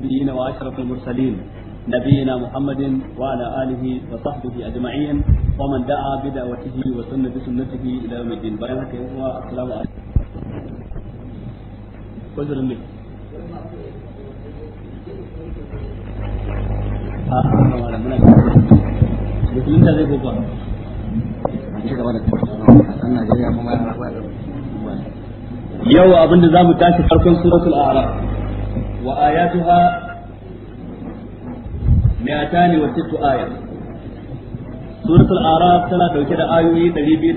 المرسلين وأشرف المرسلين نبينا محمد وعلى آله وصحبه أجمعين ومن دعا بدعوته وسن بسنته إلى يوم الدين بارك الله السلام عليكم وزر منك musulun da zai gobe a mu tashi farkon suratul a'raf وآياتها مئتان وست آية سورة الأعراف ثلاثة وكذا آيوي تغيبير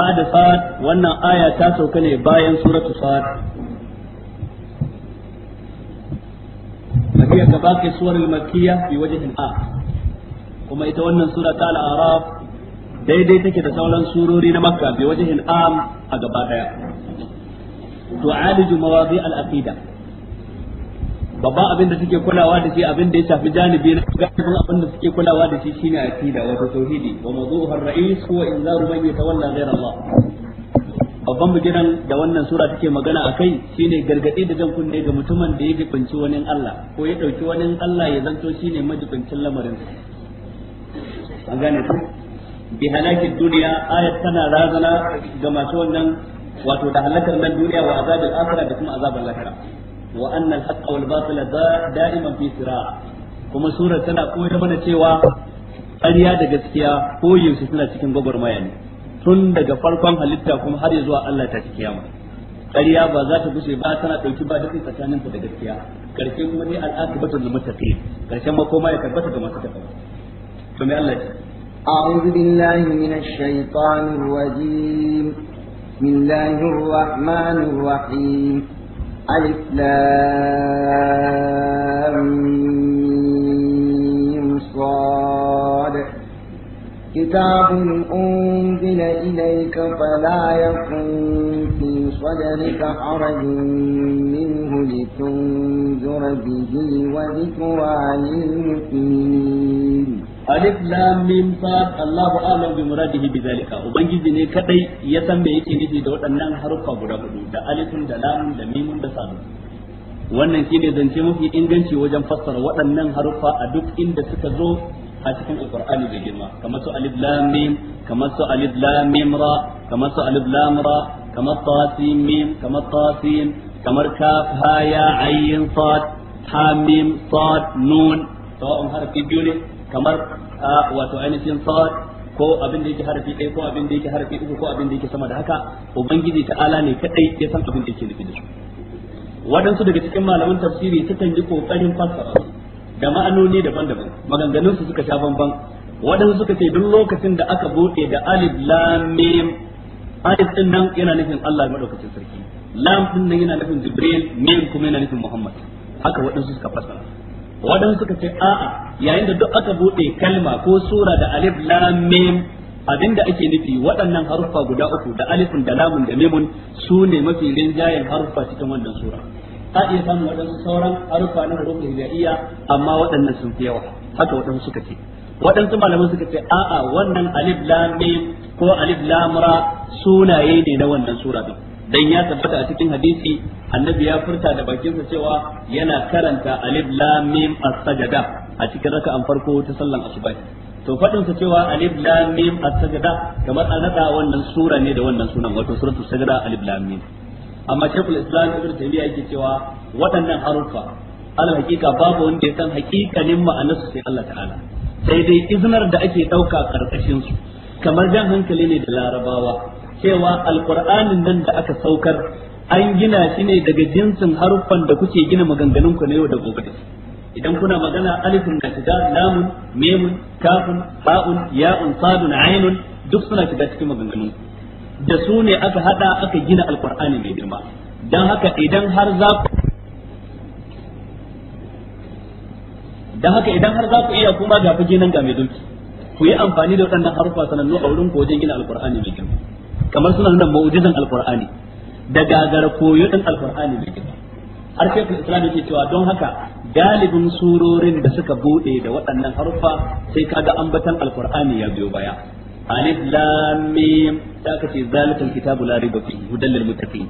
بعد صاد وأن آية تاسو كان باين سورة صاد وهي كباقي السور المكية في وجه آخر وما يتولى سورة الأعراف daidai take da sauran surori na makka bi wajihin am a gaba daya tu'aliju mawadi al-aqida abin da suke kulawa da shi abin da ya shafi janibi na galibin abin da suke kulawa da shi shine aqida wato tauhidi wa mawdu'u ar-ra'is huwa inzaru man yatawalla ghayra Allah babban bigiran da wannan sura take magana akai shine gargadi da jan kunne ga mutumin da ya jibanci wani Allah ko ya dauki wani Allah ya zanto shine majibancin lamarin an gane ku bi halakin duniya ayat tana razana ga masu wannan wato da halakar nan duniya wa azabil akhirah da kuma azabul lahira wa anna al-haqqa wal batila da'iman fi siraa kuma surar tana koyar mana cewa ƙarya da gaskiya ko yaushe suna cikin gwagwarmaya ne tun daga farkon halitta kuma har zuwa Allah ta kiyama ƙarya ba za ta bushe ba tana ɗauki ba daɗin tsakanin da gaskiya karshe kuma ne al'aqibatu lil muttaqin karshen makoma ya tabbata ga masu takawa to me Allah ya أعوذ بالله من الشيطان الرجيم بسم الله الرحمن الرحيم ألف لام صاد كتاب أنزل إليك فلا يكن في صدرك حرج منه لتنذر به وذكرى للمؤمنين alif lam mim sad Allahu a'lam bi muradihi bidhalika ubangiji ne kadai ya san me yake nufi da waɗannan harufa guda hudu da alifun da lamun da mimun da sadun. wannan shine zance mafi inganci wajen fassara waɗannan harufa a duk inda suka zo a cikin alqur'ani da girma kamar su alif lam mim kamar su alif lam mim ra kamar su alif lam ra kamar ta tasin mim kamar ta tasin kamar kaf ha ya ayin sad ha mim sad nun sawa'un harfi biyu ne kamar wato ainihin sad ko abin da yake harafi ɗaya ko abin da yake harafi uku ko abin da yake sama da haka ubangiji ta'ala ne kadai ya san abin da yake nufi da su waɗansu daga cikin malaman tafsiri sukan yi kokarin fassara da ma'anoni daban-daban maganganun su suka sha bamban waɗansu suka ce duk lokacin da aka buɗe da alif lam mim alif din nan yana nufin Allah madaukakin sarki lam din nan yana nufin jibril mim kuma yana nufin muhammad haka waɗansu suka fassara waɗansu suka ce a'a yayin da duk aka buɗe kalma ko sura da alif lam mim abinda ake nufi waɗannan haruffa guda uku da alifin da lamun da mimun su ne mafi rinjayen haruffa cikin wannan sura a iya samun waɗansu sauran haruffa na hurufin hijaiya amma waɗannan sun fi yawa haka waɗansu suka ce waɗansu malaman suka ce a'a wannan alif lam mim ko alif lam ra sunaye ne na wannan sura din dan ya tabbata a cikin hadisi annabi ya furta da bakinsa cewa yana karanta alif lam mim as-sajada a cikin an farko ta sallan asuba to fadin sa cewa alif lam mim as-sajada kamar an nada wannan sura ne da wannan sunan wato suratu sajada alif lam mim amma shaykhul islam ibn taymiya yake cewa waɗannan harufa alal hakika babu wanda ya san hakikanin ma'anarsu sai Allah ta'ala sai dai iznar da ake dauka karkashin su kamar jan hankali ne da larabawa cewa alkur'anin nan da aka saukar an gina shi ne daga jinsin haruffan da kuke gina maganganun ku na yau da gobe idan kuna magana alifin na shiga lamun memun kafin ba'un ya'un sadun ainun duk suna shiga cikin maganganun da su ne aka hada aka gina alkur'ani mai girma dan haka idan har za ku dan haka idan har za ku iya kuma ga fage nan ga mai dunki ku yi amfani da waɗannan harufa sanannu a wurin ku wajen gina alkur'ani mai girma kamar suna nuna mu'jizan alqur'ani da gagara koyo din alqur'ani mai girma har sai ku islami ke cewa don haka galibin surorin da suka bude da waɗannan haruffa sai kaga ambatan alqur'ani ya biyo baya alif lam mim ta kace zalikal kitabu la riba fihi hudallil muttaqin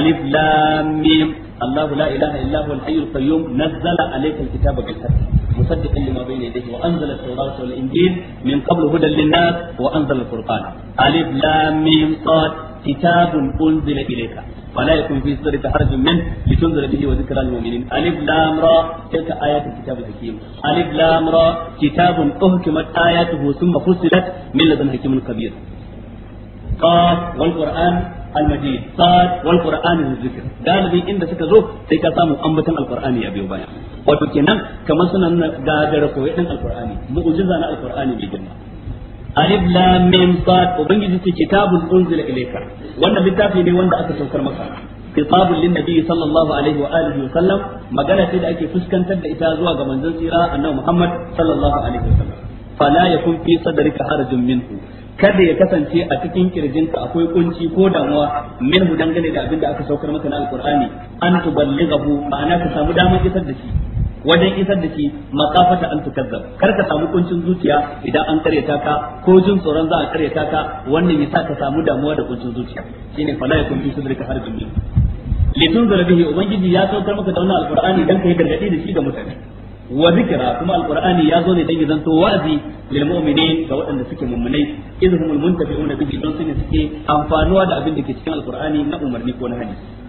alif lam mim الله لا اله الا هو الحي القيوم نزل عليك الكتاب بالحق مصدقا لما بين يديه وانزل التوراه والانجيل من قبل هدى للناس وانزل الفرقان الف لام ميم صاد كتاب انزل اليك ولا يكون في صدرك حرج منه لتنذر به وذكرى للمؤمنين الف لام را تلك ايات الكتاب الحكيم الف لام را كتاب اهكمت اياته ثم فصلت من لدن حكيم كبير قاف والقران al-majid sad wal qur'an zikr galibin inda suka zo sai ka samu ambatan al-qur'ani a biyo baya wato kenan kamar suna gagara koyi din al-qur'ani mu'jiza na al-qur'ani mai girma alif lam mim sad ubangiji ce kitabun unzila ilayka wannan littafi ne wanda aka saukar maka خطاب للنبي صلى الله عليه واله وسلم مغنى تي da ake fuskantar da ita zuwa ga manzon tsira annabi Muhammad sallallahu alaihi wasallam fala yakun fi sadrika harajun minhu kada ya kasance a cikin kirjinka akwai kunci ko damuwa min mu dangane da abin da aka saukar maka na alqur'ani an tuballighahu ma'ana ka samu damar isar da shi wajen isar da shi makafata an tukazzab kar ka samu kuncin zuciya idan an karyata ka ko jin tsoron za a karyata ka wannan yasa ka samu damuwa da kuncin zuciya shine fala yakun ka sadrika harjun litun zarabihi ubangiji ya saukar maka da wannan alqur'ani dan kai gargadi da shi ga mutane wa zikra kuma alqur'ani ya zo ne dan ya zanto wa'azi lil mu'minin ga waɗanda suke mummunai idhumul muntafi'una bihi don su ne suke amfanuwa da abin da ke cikin alqur'ani na umarni ko na hadisi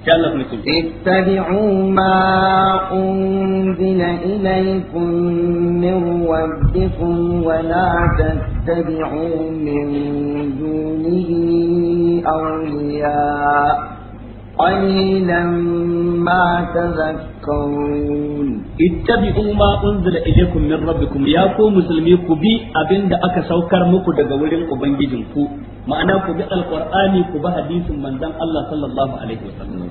اتبعوا ما أنزل إليكم من ربكم ولا تتبعوا من دونه أولياء قليلا ما تذكرون تتقون اتبعوا ما أنزل إليكم من ربكم يا كو مسلمي كبي أبين دا أكا سوكر مكو دا قولين أبنجدن كو معنى ku القرآن كبا حديث من دان الله صلى الله عليه وسلم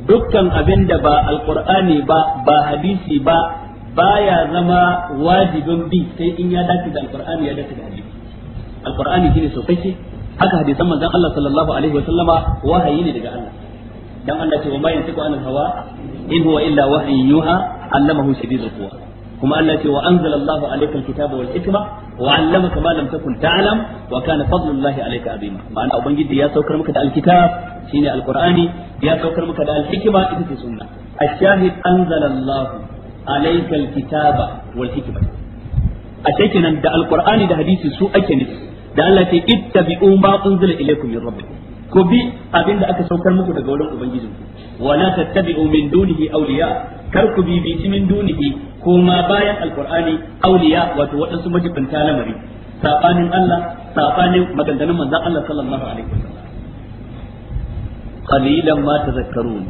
dukkan abin da ba alkur'ani ba ba hadisi ba baya zama wajibin bi sai in ya dace da alkur'ani ya dace da hadisi alkur'ani shine sosai haka hadisan manzon Allah sallallahu alaihi wa sallama wahayi ne daga Allah dan Allah ce wa ma yantiqu anil hawa in huwa illa wahyi yuha allamahu shadidul quwa kuma Allah ce wa anzala Allahu alayka alkitaba wal hikma wa 'allamaka ma lam takun ta'lam wa kana fadlullahi alayka azima ma'ana ubangiji ya saukar maka da alkitab shine alqur'ani ya saukar maka da alhikma ita ce sunna ashahid anzala Allahu alayka alkitaba wal hikma a kenan da alqur'ani da hadisi su ake nufi da Allah ce ittabi'u ma unzila ilaykum min rabbikum ku bi abin da aka saukar muku daga wurin ubangijin ku wala tattabi'u min dunihi awliya kar ku bi bi min dunihi kuma bayan alqur'ani awliya wato wadansu majibanta lamari sabanin Allah sabanin maganganun manzon Allah sallallahu alaihi wasallam qalilan ma tazakkarun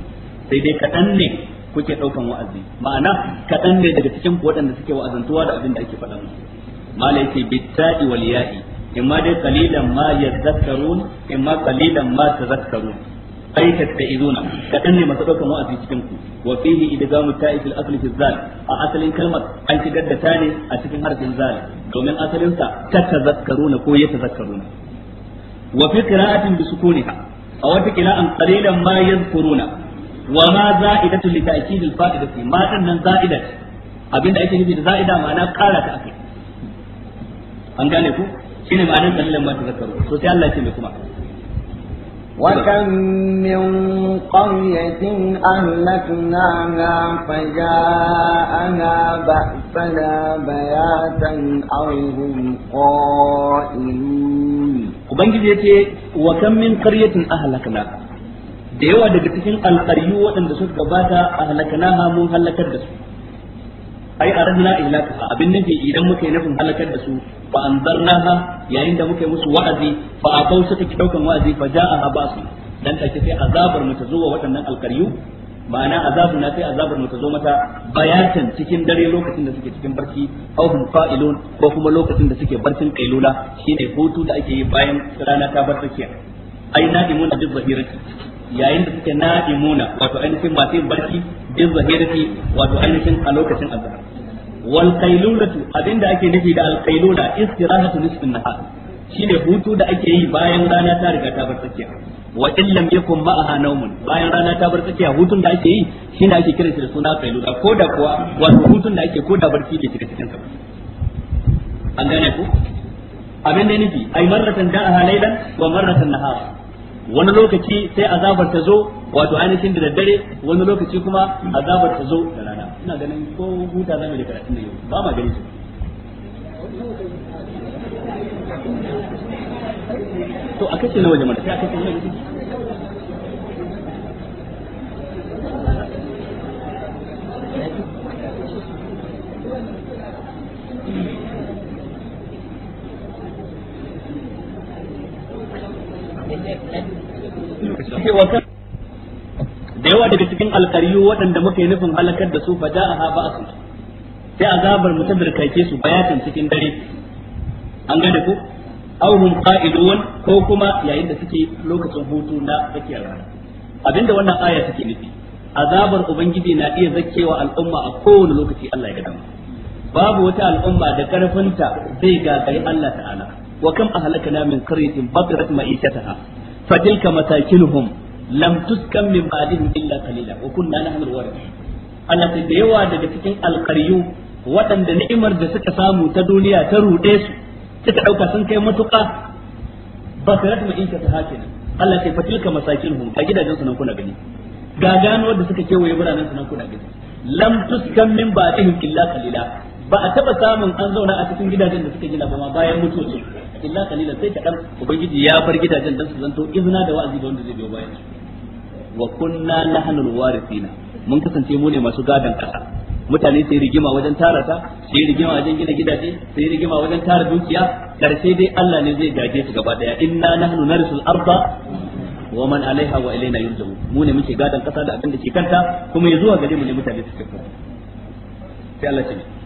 sai dai kadan ne kuke daukan wa'azi ma'ana kadan ne daga cikin ku waɗanda suke wa'azantuwa da abin da ake faɗa musu malai ce wal ya'i imma dai qalilan ma yadhakkarun imma qalilan ma tadhakkarun ay tasta'izuna kadan ne masu daukan wa'azi cikin ku wa fihi idgamu ta'if al-asl fi zal a asalin kalmar an shigar da ta ne a cikin harfin zal domin asalin sa tatazakkaruna ko yatazakkaruna wa fi qira'atin bi sukuniha a wata qira'an qalilan ma yadhkuruna wa ma za'idatu li ta'kid al-fa'idati ma za'ida ta an gane ku shine ma'anar kalilan ma tazakkaru to sai Allah ce mai kuma min وكم من قرية أهلكناها فجاءها بأسنا بياتا أو هم قائلون Ubangiji ya ce, wa kan min karyatin ahalakna, da yawa daga cikin alƙaryu waɗanda suka gabata ahalakna mun halakar da su. ai aradna ihlakaha abin nufi idan muka yi nufin halakar da su fa ha, yayin da muka yi musu wa'azi fa akau suka ki daukan wa'azi fa ja'a abasu dan take sai azabar mu ta zo wa waɗannan alkaryu ma'ana azabun na sai azabar mu ta zo mata bayatan cikin dare lokacin da suke cikin barci aw hum fa'ilun ko kuma lokacin da suke barcin kailula shine hutu da ake yi bayan rana ta bar tsakiya ai na'imuna bi zahirati yayin da suke na'imuna wato ainihin masu yin barci bi zahirati wato ainihin a lokacin azhar wal qailulatu abinda ake nufi da al qailula istirahatu nisfin nahar shine hutu da ake yi bayan rana ta riga ta bar tsakiya wa in lam yakun ma'aha nawmun bayan rana ta bar hutun da ake yi shine ake kiran shi da suna qailula ko da kuwa wato hutun da ake ko da barci ke shiga cikin sa an gane ku abin da nufi ai marratan da'aha laylan wa marratan nahar wani lokaci sai azabar ta zo wato ainihin da daddare wani lokaci kuma azabar ta zo da ina ganin ko huta zamu da karatun da yau ba ma gani su to a kashe na waje mata sai a kashe na waje daga cikin alkariyu waɗanda muke nufin halakar da su a ja'aha ba'su sai azabar mu ta dirkake su bayatan cikin dare an gane ko aw hum qa'idun ko kuma yayin da suke lokacin hutu na tsakiyar rana abinda wannan aya take nufi azabar ubangiji na iya zakkewa al'umma a kowane lokaci Allah ya ga dama babu wata al'umma da karfinta zai gagari Allah ta'ala wa kam ahlakana min qaryatin batirat ma'ishataha fatilka masakinuhum lam tuskan min ba'dihim illa qalila wa kunna nahnu al-warith Allah sai da yawa daga cikin alqaryu waɗanda ni'imar da suka samu ta duniya ta ruɗe su suka dauka sun kai matuƙa ba su rata ma'inka ta hakina Allah sai fa tilka masakinhum a gidajen su nan kuna gani ga gano da suka kewaye biranen su nan kuna gani lam tuskan min ba'dihim illa qalila ba a taba samun an zauna a cikin gidajen da suka gina ba ma bayan mutuwa illa kalilan sai kadan ubangiji ya bar gidajen dan su zanto izina da wa'azi da wanda zai biyo bayan wa kunna nahnul warithina mun kasance mu ne masu gadan kasa mutane sai rigima wajen tara ta sai rigima wajen gina gidaje sai rigima wajen tara dukiya karshe dai Allah ne zai gaje su gaba daya inna nahnu narisul arda wa man alaiha wa ilaina yurja'u mu ne muke gadan kasa da abin da ke kanta kuma ya zuwa gare mu ne mutane su kafa sai Allah ya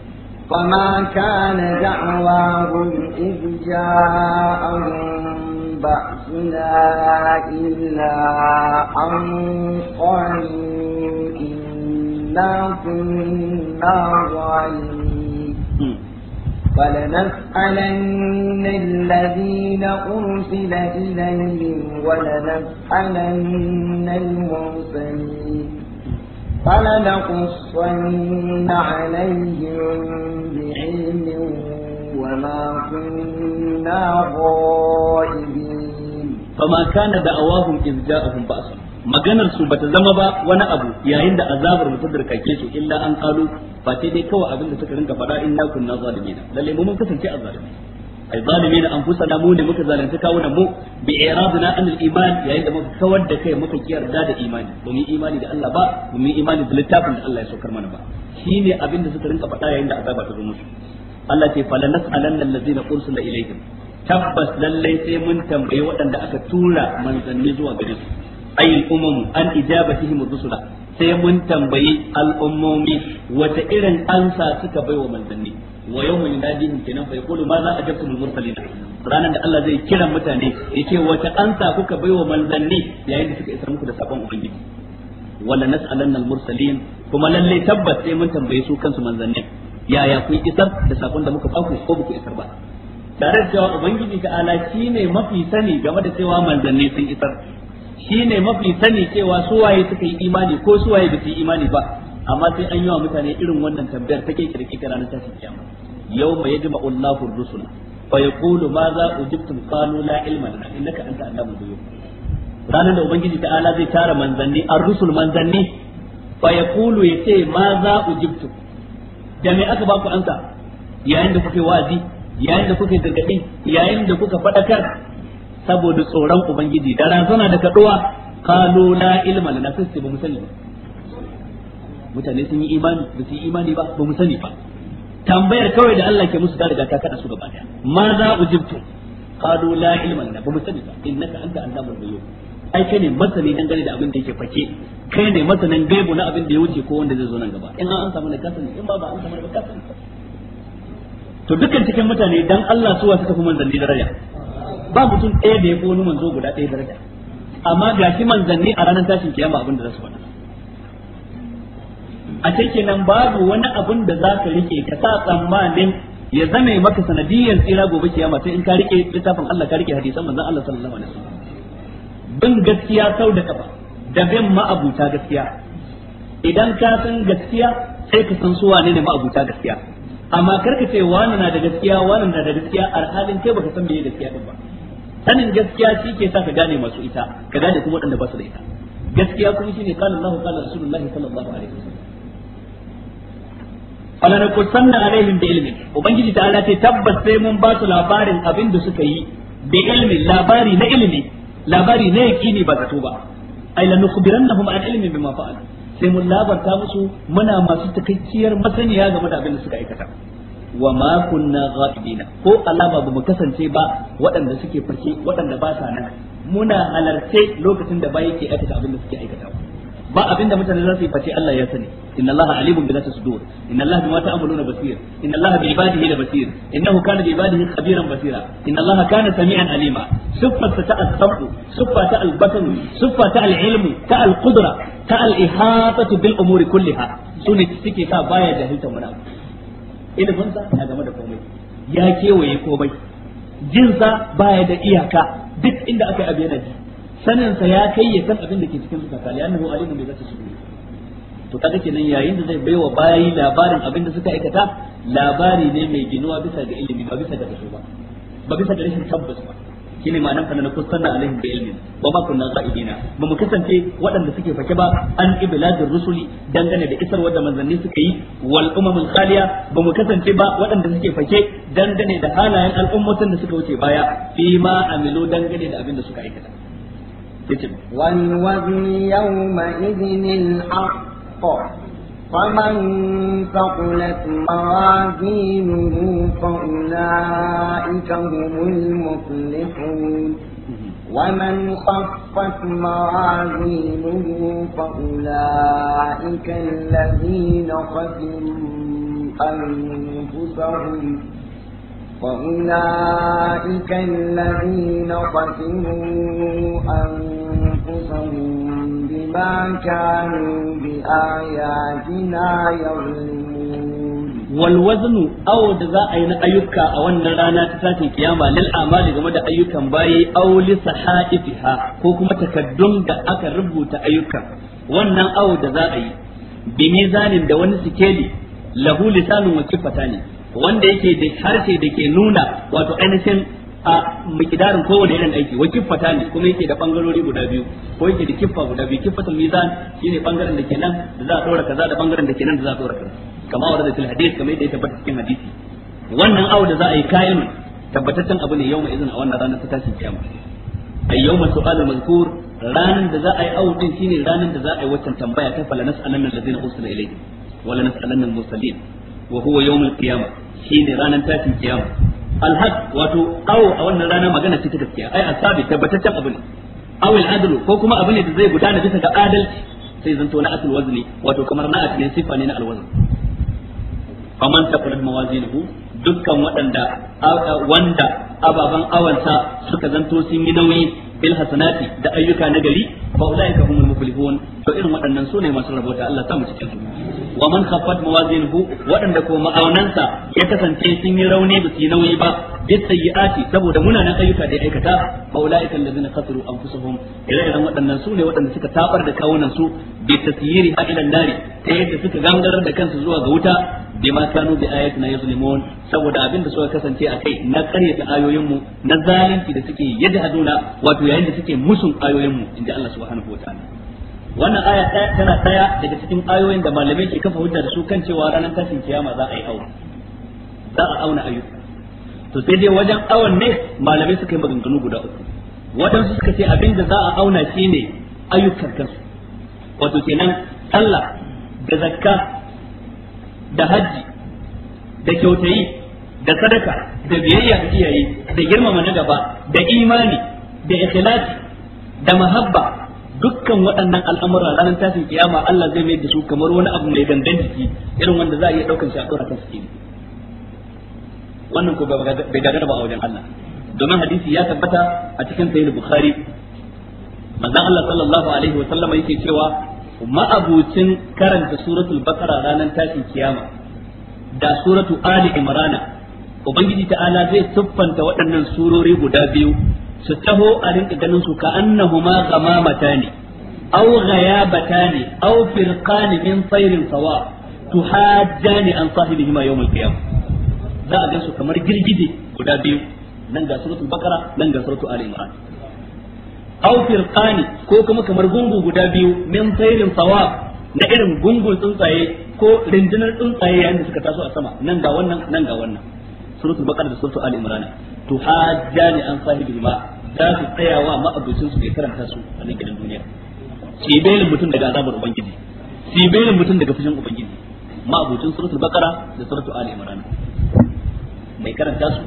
فما كان دعواهم إذ جاءهم بأسنا إلا أن قالوا إنا كنا ظالمين فلنسألن الذين أرسل إليهم ولنسألن المرسلين فلنقصن عليهم بعلم وما كنا غائبين فما كان دعواهم إذ جاءهم بأسهم maganar su bata zama ba wani abu yayin da azabar mutum da kake su illa an kalu ba sai dai kawai abin da suka rinka faɗa in na kunna zalimina lalle mu mun kasance a azzalimi ai zalimi da anfusana mu ne muka zalunta kawunan mu bi iradina an al-iman yayin da muka kawar da kai muka kiyarda da imani domin imani da Allah ba domin imani da littafin da Allah ya saukar mana ba shine abin da suka rinka faɗa yayin da azaba ta zo musu Allah ce fala nas'alanna allazina ursila ilayhim tabbas lallai sai mun tambayi waɗanda aka tura manzanni zuwa gare su ayyul umam an ijabatihim rusula sai mun tambayi al'ummomi wata irin ansa suka baiwa manzanni wa yawma yunadihim kenan fa yaqulu ma za ajabtum mursalin ranan da Allah zai kira mutane yace wata ansa kuka baiwa manzanni yayin da suka isar muku da sabon ubangiji wala nas'alanna al mursalin kuma lalle tabbas sai mun tambaye su kansu manzanni yaya kun isar da sabon da muka baku ko ku isar ba tare da cewa ubangiji ta ala shine mafi sani game da cewa manzanni sun isar shine mafi sani cewa su waye suka yi imani ko su waye ba su yi imani ba amma sai an yi wa mutane irin wannan tambayar take kirki ga ranar tashin kiyama yawma yajma Allahu rusul fa yaqulu ma za ujibtum qalu la ilma lana innaka anta allamu ghuyub ranar da ubangiji ta'ala zai tara manzanni ar-rusul manzanni fa yaqulu yace ma za ujibtum da me aka ba ku ansa yayin da kuke wazi yayin da kuke gargadi yayin da kuka fadakar saboda tsoron ubangiji da razana da kaduwa qalu la ilma lana sai ba mu sani ba mutane sun yi imani ba su yi imani ba ba mu sani ba tambayar kawai da Allah ke musu ta riga ta kada su gaba daya ma za ujibtu qalu la ilma lana ba mu sani ba innaka anta allamul ghuyub ai kai ne masani gane da abin da yake fake kai ne masanin gaibu na abin da ya wuce ko wanda zai zo nan gaba in an samu ne kasani in ba ba an samu ne kasani to dukkan cikin mutane dan Allah suwa suka fi manzanni daraja ba mutum ɗaya da ya fi wani manzo guda ɗaya daraja amma ga shi manzanni a ranar tashin kiyama abin da za su faɗa a nan babu wani abun da za ka rike ka sa tsammanin ya zame maka sanadiyar tsira gobe kiyama sai in ka rike littafin Allah ka rike hadisan manzon Allah sallallahu alaihi wasallam bin gaskiya sau da kafa da bin ma'abuta gaskiya idan ka san gaskiya sai ka san su wane ne ma'abuta gaskiya amma karka ce wani na da gaskiya wani na da gaskiya alhalin kai baka san meye gaskiya din ba sanin gaskiya shi ke sa ka gane masu ita ka gane kuma waɗanda ba su da ita gaskiya kuma shine kana Allah kana Rasulullahi sallallahu alaihi wasallam fala na kusanna alaihim da ilmi ubangiji ta ala ce tabbas sai mun ba su labarin abin da suka yi da ilmi labari na ilmi labari na yakini ba zato ba ai la nukhbirannahum an ilmi bima fa'al sai mun labarta musu muna masu takakkiyar masaniya game da abin da suka aikata wa ma kunna ghaibina ko alama ba mu kasance ba waɗanda suke fake waɗanda ba sa nan muna halarce lokacin da ba ke aikata abin da suke aikata ba abin da mutane za su yi face Allah ya sani inna Allah alimun bi zati sudur inna Allah bima ta'maluna basir inna Allah bi ibadihi la basir innahu kana bi ibadihi khabiran basira inna Allah kana sami'an alima siffa ta al sabr siffa ta al-batn siffa ta al-ilm ta al-qudra ta al-ihatatu bil umuri kulliha sune suke sa baya da jahilta muna ilimin sa na game da komai ya kewaye komai jinsa baya da iyaka duk inda aka yi abu yana sanin sa ya kai ya san abin da ke cikin zukata li annahu alimun bi zati sudur to kaga kenan yayin da zai baiwa bayi labarin abin da suka aikata labari ne mai ginuwa bisa ga ilimi ba bisa ga kaso ba ba bisa ga rashin tabbas ba shine ma'anar kana kusanna alaihim bi ilmin wa ma kunna qa'idina ba mu kasance waɗanda suke fake ba an ibladir rusuli dangane da isar wadda manzanni suka yi wal umamul khaliya ba mu kasance ba waɗanda suke fake dangane da halayen al'ummatan da suka wuce baya fi ma amilu dangane da abin da suka aikata والوزن يومئذ الحق فمن ثقلت موازينه فأولئك هم المفلحون ومن خفت موازينه فأولئك الذين خسروا أنفسهم فأولئك الذين قتلوا أنفسهم بما كانوا بآياتنا يظلمون والوزن أو دزاء أيوكا أو النرانا تساتي كياما للأعمال كما دا أيوكا باي أو لصحائفها كوكما تكدم دا أكا ربو تأيوكا wannan awo da za a yi bi mizanin da wani sikeli lahu lisanun wa kifatani wanda yake da harshe da ke nuna wato ainihin a mikidarin kowane irin aiki wa kiffata ne kuma yake da bangarori guda biyu ko yake da kiffa guda biyu kiffata mizan shine bangaren da ke nan da za a dora kaza da bangaren da ke nan da za a dora kaza kama wa radatul hadith kamar yadda ya tabbata cikin hadisi wannan awu da za a yi kayan tabbataccen abu ne yawma izin a wannan ranar ta tashin kiyama ay yawma su'al mazkur ranan da za a yi awu din shine ranan da za a yi waccan tambaya ta falanas anan allazina usila ilayhi wala nas'alanna al-mursalin wa huwa yawmul qiyamah shine ranar tashin kiyama alhaq wato qaw a wannan rana magana ce ta gaskiya ai asabi tabbataccen abu ne aw al ko kuma abu ne da zai gudana bisa ga adalci sai a na asul wazni wato kamar na na dukkan waɗanda wanda ababan awansa suka zanto sun yi nauyi bil hasanati da ayyuka na gari fa ulaika humul muflihun to irin waɗannan sune masu rabota Allah ta mu cikin su wa man khaffat mawazinuhu waɗanda ko ma'aunansa ya kasance sun yi rauni ba su nauyi ba bi sayyiati saboda munanan ayyuka da aikata fa ulaika allazina khasiru anfusahum ire-iren waɗannan su ne waɗanda suka tabar da kawunan su bi tasyiri ila nari ta yadda suka gangarar da kansu zuwa ga wuta bima kanu bi ayatina yuzlimun saboda abin da suka kasance a kai na karyata ayoyin mu na zalunci da suke yadda haduna wato yayin da suke musun ayoyin mu inda Allah subhanahu wa ta'ala wannan aya ɗaya tana ɗaya daga cikin ayoyin da malamai ke kafa hujja da su kan cewa ranar tashin kiyama za a yi aure za a auna ayyuka to sai dai wajen awon ne malamai suka yi maganganu guda uku waɗansu suka ce abin da za a auna shi ne ayyukan kansu wato kenan sallah da zakka da hajji da kyautayi da sadaka da biyayya da iyaye da girmama na gaba da imani da ikhlasi da mahabba dukkan waɗannan al'amuran ranar tashin kiyama Allah zai mai da su kamar wani abu mai gangan jiki irin wanda za a iya ɗaukan shi a ɗora kan sikeli wannan ko bai gagara ba a wajen Allah domin hadisi ya tabbata a cikin Sayyid bukhari manzon Allah sallallahu alaihi wa sallama yake cewa ma'abucin karanta suratul bakara ranar tashin kiyama da suratu ali imrana ubangiji ta'ala zai tuffanta waɗannan surori guda biyu su taho a rinka ganin su ka annahuma gamamata ne aw ghayabata ne aw firqan min sayrin sawa tuhajjani an sahibihima yawm al-qiyamah za a gansu kamar girgije guda biyu nan ga suratul baqara nan ga suratul ali imran aw firqan ko kuma kamar gungu guda biyu min sayrin sawa na irin gungun tsuntsaye ko rindinar tsuntsaye yayin da suka taso a sama nan ga wannan nan ga wannan suratul baqara da suratul ali imran to hajjani an sahibi ma za su tsaya wa ma'abucin su bai karanta su a nan gidan duniya shi mutum daga azabar ubangiji shi mutum daga fushin ubangiji ma'abucin suratul bakara da suratul ali imran mai karanta su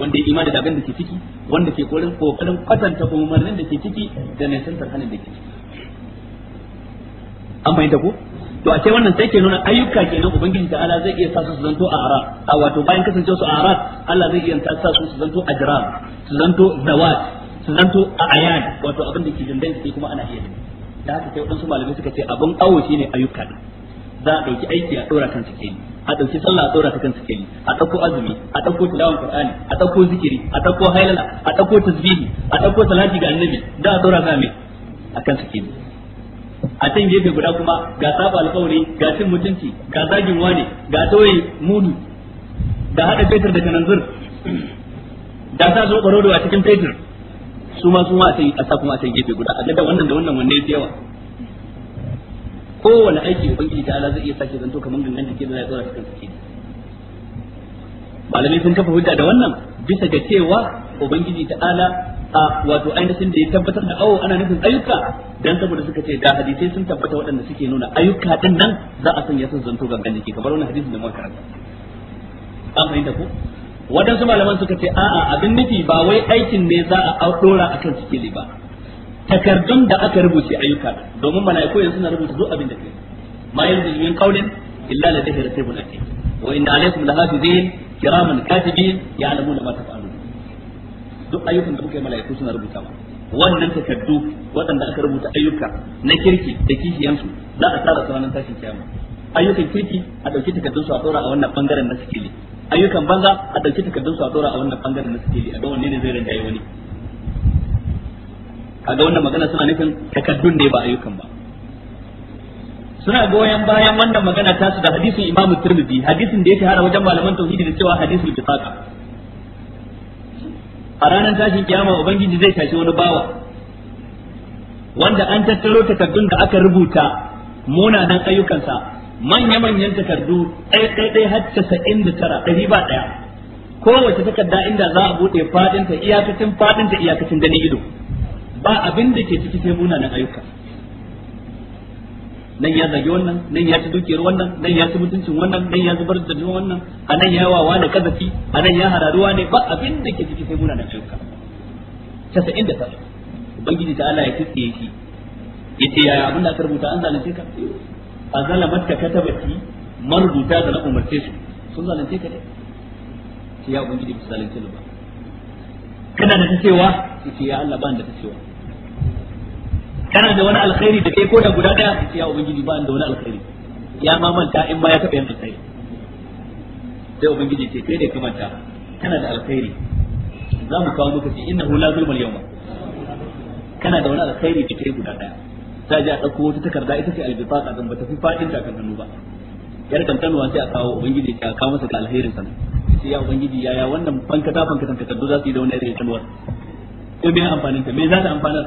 wanda ya imani da da ke ciki wanda ke kokarin kokarin kwatanta umarnin da ke ciki da nisantar hannun da ke ciki an bayyana ko to a ce wannan sai ke nuna ayyuka kenan ubangiji ta'ala zai iya sa su zanto a ara a wato bayan kasancewa su a ara Allah zai iya sa su su zanto ajram su zanto zawat su zanto a ayan wato abin da ke jindan su kuma ana iya da haka sai wadansu malamai suka ce abin awo shine ayyuka din za a dauki aiki a dora kan cikin a dauki sallah a dora ta kan cikin a dauko azumi a dauko tilawan qur'ani a dauko zikiri a dauko hailala a dauko tasbihi a dauko salati ga annabi da a dora ga me akan cikin a can gefe guda kuma ga saba alkawari ga cin mutunci ga zagin wane ga tsoye mudu da hada fetur da kananzir da sa zo baro a cikin fetur su ma su ma a sai a sa kuma a can gefe guda a ga wannan da wannan wanne ya yawa kowane aiki ubangiji ta ala zai iya sake zanto kamar gangan ke da zai tsora cikin suke malamai sun kafa hujja da wannan bisa ga cewa ubangiji ta ala a wato ainihin da ya tabbatar da awo ana nufin ayyuka dan saboda suka ce da hadisai sun tabbata waɗanda suke nuna ayyuka din nan za a sanya sun zanto gangan jiki kamar wannan hadisin da muka karanta an fahimta ko waɗansu malaman suka ce a'a abin nufi ba wai aikin ne za a a akan sikili ba takardun da aka rubuce ayyuka domin mala'iku yanzu suna rubuta duk abin da kai ma yanzu yin qaulin illa ladayhi rasibun akid wa inna alaykum lahafizin kiraman katibin ya'lamuna ma taf'alun duk ayyukan da muka yi mala'iku suna rubuta ba wannan takardu waɗanda aka rubuta ayyuka na kirki da kishiyansu za a tsara su ranar tashin kiyama ayyukan kirki a ɗauki takardun su a ɗora a wannan bangaren na sikili ayyukan banza a ɗauki takardun su a ɗora a wannan bangaren na sikili a ga wanne ne zai yi wani kaga wannan magana suna nufin takaddun ne ba ayyukan ba suna goyon bayan wannan magana ta su da hadisin imamu tirmidhi hadisin da ya shahara wajen malaman tauhidi da cewa hadisul bitaqa a ranar tashin kiyama ubangiji zai tashi wani bawa wanda an tattaro takardun da aka rubuta munanan ayyukansa manya-manyan takardu ɗaya-ɗaya har casa'in da tara ɗari ba ɗaya kowace takarda inda za a buɗe faɗinta iyakacin faɗinta iyakacin gani ido ba abin da ke ciki sai munanan ayyuka nan ya zage wannan nan ya ci dukiyar wannan nan ya ci mutuncin wannan nan ya zubar da wannan a nan ya wawa ne kazafi a nan ya hararuwa ne ba abin da ke ciki sai muna da ayyuka casa'in da tara ubangiji ta Allah ya kitse shi yace yaya abin da aka rubuta an zalunce ka a zalamat ka katabati marubuta da na umarce su sun zalunce ka dai sai ya ubangiji bisa zalunce ba kana da ta cewa ce ya Allah ba da ta cewa kana da wani alkhairi da kai ko da guda daya sai ya ubangiji ba da wani alkhairi ya ma manta in ma ya taba yin alkhairi sai ubangiji ce kai da ka manta kana da alkhairi za mu kawo muka ce innahu la zulmul yawma kana da wani alkhairi da kai guda daya ta ji a ɗauko wata takarda ita ce albifaka ba bata fi fadin takan hannu ba yar kankanuwa sai a kawo ubangiji ya kawo masa ga alherin sa sai ya ubangiji ya ya wannan fankata fankatan takardu za su yi da wani irin kalwar to me amfanin ta me za ta amfanar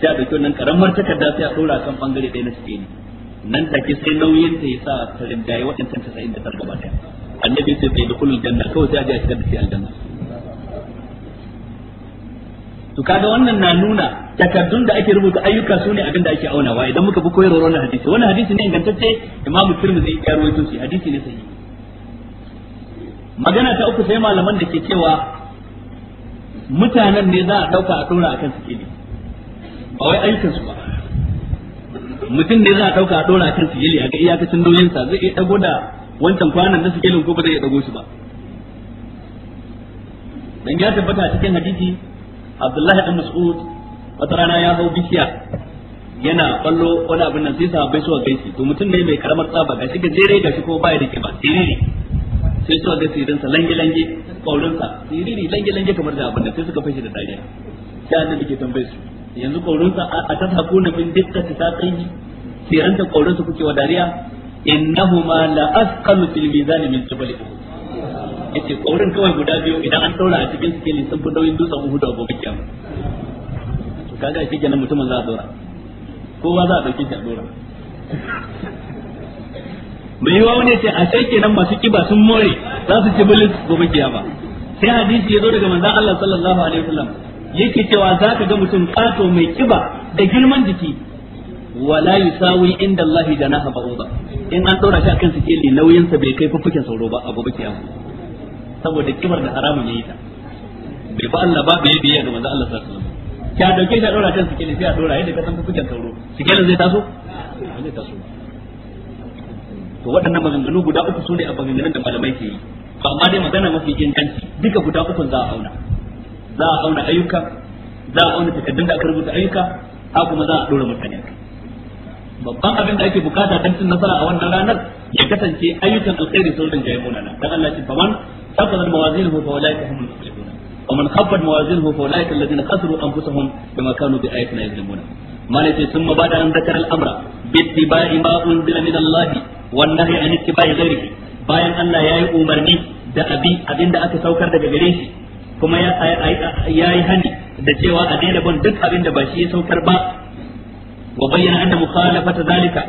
sai a dauki wannan karamar takarda sai a dora kan bangare ɗaya na ne nan ke sai nauyin ta yasa ta rinjaye waɗancan sa'in da gaba ɗaya annabi sai bai dukul janna kawai sai a je a shigar da shi aljanna to kaga wannan na nuna takardun da ake rubuta ayyuka su ne abin da ake aunawa idan muka bi koyarwar wannan hadisi wannan hadisi ne ingantacce imamu tirmidhi ya rawaito shi hadisi ne sahihi magana ta uku sai malaman da ke cewa mutanen ne za a dauka a tura akan ne. ba wai aikin su ba mutum ne za a dauka a dora kan yali a ga iyakacin nauyin sa zai iya dago da wancan kwanan da sigilin ko ba zai iya dago su ba dan ya tabbata a cikin hadisi Abdullahi bin Mas'ud wata rana ya hau bishiya yana kallo wani abin nan sai bai sahabbai suka shi to mutum ne mai karamar tsaba gashi ga shi ko baya da ba siriri sai suka ga sirrin sa lange lange kaurin sa siriri lange lange kamar da abin da sai suka fashi da dariya sai annabi ke tambaye su yanzu kaurinsa a tafakuna min ta saqihi siran da kaurinsa kuke wa dariya innahuma la asqalu fil mizan min jabal uhud yace kaurin kawai guda biyu idan an taura a cikin sikeli sun fi nauyin dutsen uhud da gobe kiyama kaga shi kenan mutumin za a dora kowa za a dauke shi a dora mai yiwa wani ce a sai kenan masu kiba sun more za su ci bilis gobe kiyama sai hadisi ya zo daga manzan Allah sallallahu alaihi wasallam yake cewa za ka ga mutum ƙato mai kiba da girman jiki wala yusawi inda Allah haɓa ba. in an ɗora shi kan sikeli nauyin nauyinsa bai kai fuffuken sauro ba a gobe kiyama saboda kibar da haramun ya yi ta bai fa Allah ba bai biya ga manzo Allah sallallahu alaihi wasallam ka dauke shi a ɗora kan sikeli sai a ɗora yadda ka san fuffuken sauro sikelin zai taso zai taso to waɗannan maganganu guda uku su ne a maganganun da malamai ke yi ba amma dai magana mafi inganci duka guda uku za a auna za a auna ayyuka za a auna takaddun da aka rubuta ayyuka ha kuma za a dora mutane babban abin da ake bukata don cin nasara a wannan ranar ya kasance ayyukan alkhairi sun rinja ya munana dan Allah ce faman taqala mawazinuhu fa ulaika humul muflihun wa man khaffat mawazinuhu fa ulaika alladhina khasiru anfusahum bima kanu bi ayatina yuzlimuna mana ce sun mabada an zakar al'amra bittiba'i ma unzila min Allah wan nahyi an ittiba'i ghairihi bayan Allah yayi umarni da abi abinda aka saukar daga gare shi kuma ya yi hani da cewa a daina ban duk abin da ba shi ya saukar ba wa bayyana anna mukhalafata zalika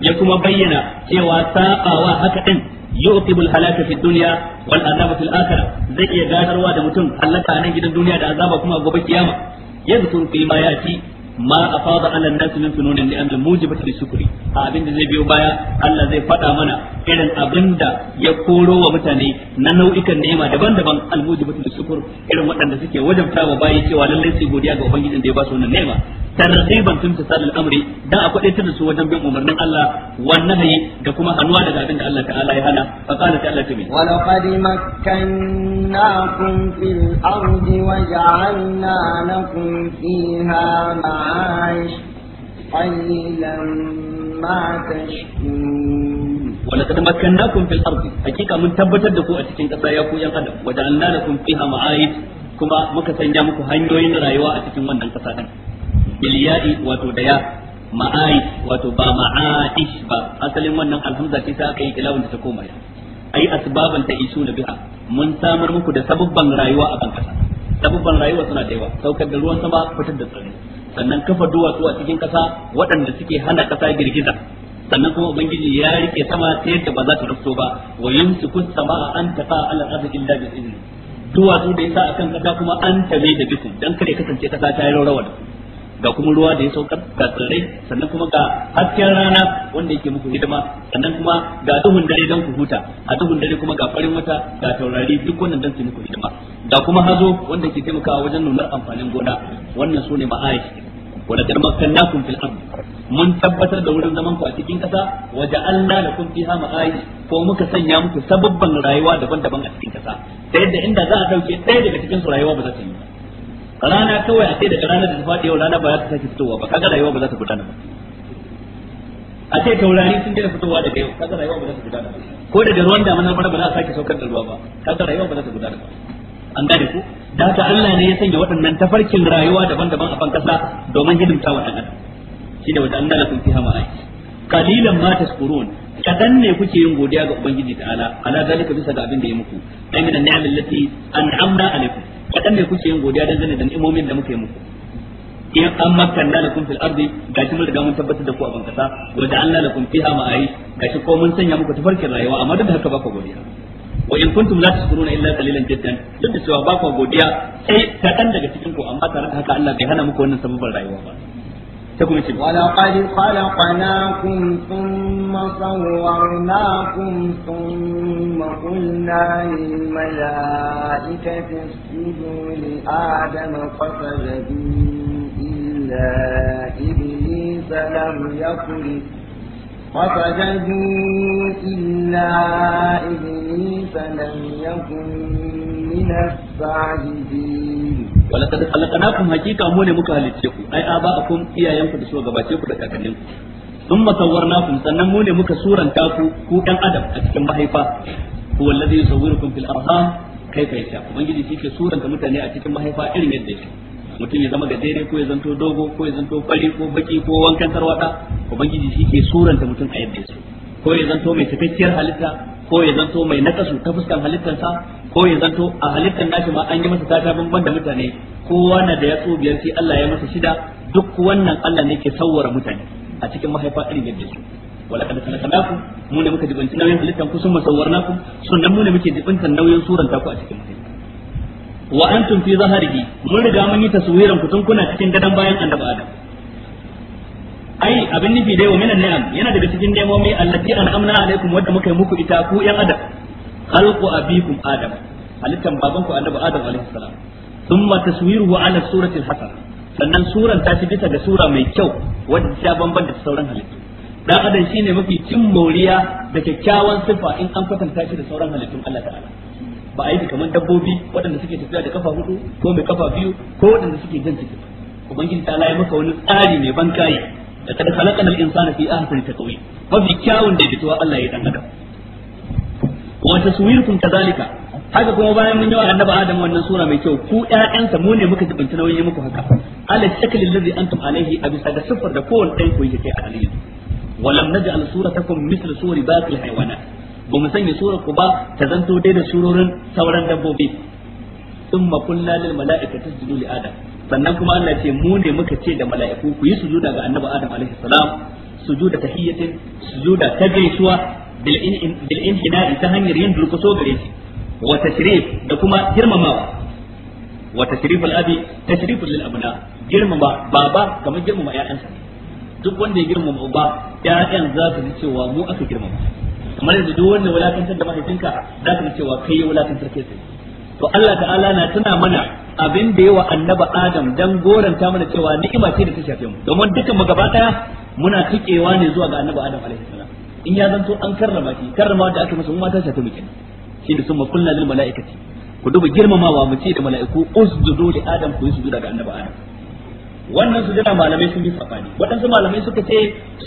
ya kuma bayyana cewa sabawa haka din yu'tibul halaka fi dunya wal azaba fil akhirah zai iya gadarwa da mutum halaka a nan gidan duniya da azaba kuma a gobe kiyama sun fi ma ma afada ala an-nas min fununin li anna mujibata lishukri a abin da zai biyo baya Allah zai faɗa mana irin abinda ya koro wa mutane na nau'ikan nema daban-daban al-mujibata lishukr irin waɗanda suke wajabta wa bayi cewa lallai su godiya ga ubangijin da ya ba su wannan tarqiban timtisal al-amri dan a kwadaitar da su wajen bin umarnin Allah wan nahyi da kuma hannuwa daga abin da Allah ta'ala ya hana fa qala ta Allah tabi wa laqad makkannakum fil ardi wa ja'alna lakum fiha ma'ash qalilan ma tashkurun wa mun tabbatar da ku a cikin kasa ya ku yan adam wa lakum fiha ma'ash kuma muka sanya muku hanyoyin rayuwa a cikin wannan kasa din Biliyadi, wato da ya wato ba ma'aish ba asalin wannan alhamza ce ta aka yi da ta koma ya ai asbaban ta isu na biha mun samar muku da sababban rayuwa a bankasa sababban rayuwa suna da yawa saukar da ruwan sama fitar da tsari, sannan kafa duwatsu a cikin kasa waɗanda suke hana kasa girgiza sannan kuma ubangiji ya rike sama ta yadda ba za ta rufto ba wa yumsiku samaa an taqa ala ardi illa bi idni duwatsu da yasa akan kasa kuma an tabe da biku, dan kare kasance kasa ta yi rawar da ga kuma ruwa da ya saukar ga tsirrai sannan kuma ga hasken rana wanda yake muku hidima sannan kuma ga duhun dare don ku huta a duhun dare kuma ga farin wata ga taurari duk wannan don su muku hidima ga kuma hazo wanda ke taimakawa wajen nunar amfanin gona wannan su sune ma'aishi wala kad kun fil ard mun tabbatar da wurin zaman ku a cikin kasa wa ja'alna lakum fiha ma'aiki ko muka sanya muku sababban rayuwa daban-daban a cikin kasa ta yadda inda za a dauke ɗaya daga cikin su rayuwa ba za ta yi ba rana kawai a ce da rana da ta faɗi yau rana ba za ta sake fitowa ba kaga rayuwa ba za ta gudana ba a ce taurari sun daina fitowa daga yau kaga rayuwa ba za ta fita ba ko daga ruwan manar ba za a sake saukar da ruwa ba kaga rayuwa ba za ta gudana ba an gane ku da haka Allah ne ya sanya waɗannan tafarkin rayuwa daban-daban a bankasa domin hidimta wa ɗan adam da wata anna fi hama ai kalilan ma tashkurun kadan ne kuke yin godiya ga ubangiji ta'ala ala zalika bisa ga abin da ya muku ay min an'am lati an'amna alaikum kadan ne kuke yin godiya ganin da imomin da muka yi muku in an makanna lakum fil ardi shi mun riga mun tabbatar da ku a bankasa wa da Allah lakum fiha ga shi ko mun sanya muku tafarkin rayuwa amma duk da haka ba ku godiya wa in kuntum la tashkuruna illa qalilan jiddan duk da cewa ba ku godiya sai kadan daga cikin ku amma tare da haka Allah bai hana muku wannan sababar rayuwa ba ولقد خلقناكم ثم صورناكم ثم قلنا للملائكة اسجدوا لآدم فسجدوا إلا إبليس لم يكن فسجدوا إلا إبليس لم يكن من الساجدين walaqad khalaqnakum hakika mu ne muka halicce ku ai a ba'akum iyayenku da su gabace ku da kakannin ku thumma sawwarnakum sannan mu ne muka suranta ku ku dan adam a cikin mahaifa ku wallazi yusawwirukum fil arham kaifa yasha ubangiji shi ke suranta mutane a cikin mahaifa irin yadda yake mutum ya zama gajere ko ya zanto dogo ko ya zanto fari ko baki ko wankan tarwada ubangiji shi ke suranta mutum a yadda yake ko ya zanto mai cikakkiyar halitta ko ya zanto mai nakasu ta fuskan halittarsa ko ya zanto a halittar nashi ma an yi masa tata bamban da mutane kowa na da yatsu biyar sai Allah ya masa shida duk wannan Allah ne ke sawwara mutane a cikin mahaifa irin yadda su Wala kana ku, mu ne muka jibinci nauyin halittan ku sun sun sannan mu ne muke nauyin suran ta ku a cikin mahaifa wa antum fi zahrihi mun riga mun yi taswiran ku tun kuna cikin gadan bayan annabi Adam ai abin nufi dai wa minan ni'am yana daga cikin nemomi allati an'amna alaikum wadda muka yi muku ita ku yan adam khalqu abikum adam halittan baban ku annabi adam alaihi salam thumma taswiruhu ala surati al-hasan sannan suran ta ci bisa da sura mai kyau wadda ta bambanta da sauran halittu dan adam shine mafi cin moriya da kyakkyawan sifa in an kwatanta shi da sauran halittun Allah ta'ala ba a yi kamar dabbobi waɗanda suke tafiya da kafa hudu ko mai kafa biyu ko waɗanda suke jan ciki ubangiji ta ya maka wani tsari mai bankaye laqad khalaqna al-insana fi ahsani taqwim mafi kyawun da fitowa Allah ya dan adam wa taswirukum kadhalika haka kuma bayan mun yi wa annabi adam wannan sura mai kyau ku ƴaƴansa mu ne muka jibinta nauyin muku haka ala shakli allazi antum Alayhi a bisa ga siffar da kowanne ɗan ku yake a halin ولم suri صورتكم مثل صور باقي ba bamu sanya sura ku ba ta zanto dai da surorin sauran dabbobi thumma qulna lil mala'ikati isjudu li adam sannan kuma Allah ce mu ne muka ce da mala'iku ku yi sujuda ga annabi Adam alaihi salam sujuda tahiyyatin sujuda ta gaisuwa bil in bil inhina'i ta hanyar yin durkuso gare shi wa tashrif da kuma girmamawa wa tashrif al abi tashrifun lil abna girmama baba kamar girmama ƴaƴansa duk wanda ya girmama uba ƴaƴan za su ji cewa mu aka girmama kamar yadda duk wanda wulakantar da mahaifinka za ka ji cewa kai ya wulakantar kai to Allah ta'ala na tuna mana abin da yawa annaba Adam dan goranta mana cewa ni'ima ce da ta shafe mu domin dukan mu gaba daya muna tukewa ne zuwa ga annaba Adam alaihi salam in ya zanto an karrama shi karrama da aka masa mu mata shafe mu kenan shi da summa kullu lil malaikati ku duba girmamawa mu ce da mala'iku usjudu li Adam ku sujuda ga annaba Adam wannan su sujuda malamai sun yi safani waɗansu malamai suka ce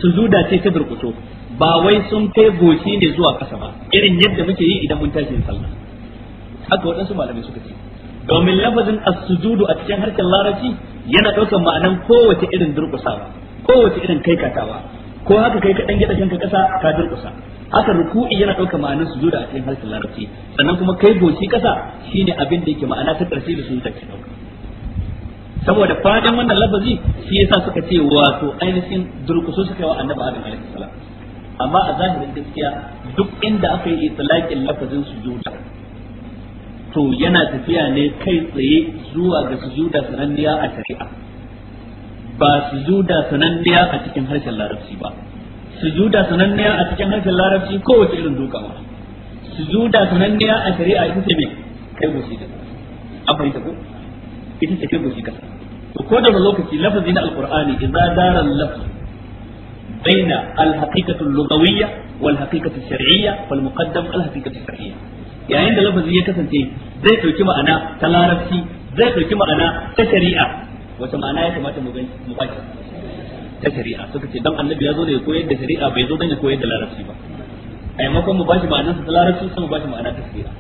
sujuda ce ta durkuto ba wai sun kai goshi ne zuwa kasa ba irin yadda muke yi idan mun tashi sallah haka waɗansu malamai suka ce domin lafazin as-sujudu a cikin harshen larabci yana ɗaukar ma'anan kowace irin durƙusawa kowace irin kai katawa ko haka kai kaɗan gida kanka ƙasa ka durƙusa haka ruku'i yana ɗaukar ma'anan sujuda a cikin harshen larabci sannan kuma kai goshi ƙasa shine abin da yake ma'ana ta ƙarshe da sujuda ke ɗauka saboda fadin wannan lafazi shi yasa suka ce wato ainihin durƙusu suka yi wa annabi adam alaihi salam amma a zahirin gaskiya duk inda aka yi itlaqin lafazin sujuda to yana tafiya ne kai tsaye zuwa ga sujuda sananniya a shari'a ba sujuda sananniya a cikin harshen larabci ba sujuda sananniya a cikin harshen larabci kowace irin duka ma sujuda sananniya a shari'a ita ce me kai goshi da an fahimta ko ita ce kai goshi kasa to ko da lokaci lafazi na alqur'ani idza dara al-lafz baina al-haqiqatu al-lughawiyya wal-haqiqatu al-shar'iyya fal-muqaddam al shariyya yayin da lafazi ya kasance zai dauki ma'ana ta larabci zai dauki ma'ana ta shari'a wata ma'ana ya kamata mu gani mu baki ta shari'a suka ce dan annabi ya zo da ya koyar da shari'a bai zo dan ya koyar da larabci ba a maimakon mu bashi ma'ana ta larabci sai mu bashi ma'ana ta shari'a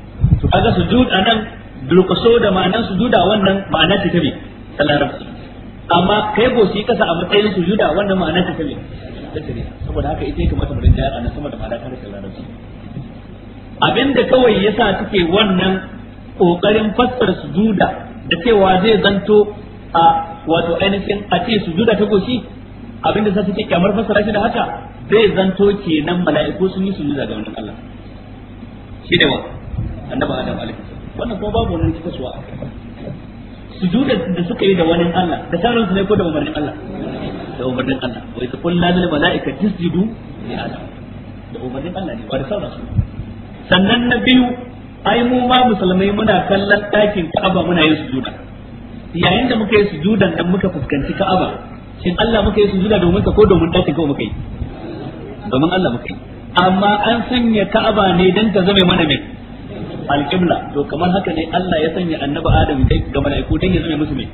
to kaga sujud anan durkuso da ma'anar sujuda wannan ma'ana ta tabi ta larabci amma kai shi kasa a matsayin sujuda wannan ma'ana ta tabi ta shari'a saboda haka ita ya kamata mu rinjaya a nan sama da ma'ana ta larabci abinda kawai yasa take wannan kokarin fassara sujuda da cewa zai zanto a wato ainihin a ce sujuda ta goshi abinda sa ke kyamar fassara shi da haka zai zanto kenan mala'iku sun yi sujuda ga wannan Allah shi ne wa annabi Adam alaihi wannan kuma babu wannan cikin suwa juda da suka yi da wani Allah da tarin su ne ko da umarnin Allah da umarnin Allah wai su kullu lil mala'ika tasjudu li Adam da umarnin Allah ne ba da sauransu sannan na biyu ai mu ma musulmai muna kallon ɗakin ka'aba muna yin sujuda yayin da muka yi sujudan dan muka fuskanci ka'aba shin Allah muka yi sujuda domin ka ko domin ɗakin ka muka yi domin Allah muka yi amma an sanya ka'aba ne dan ta zame mana mai alƙibla to kamar haka ne Allah ya sanya annabi Adam ga mala'iku dan ya zame musu mai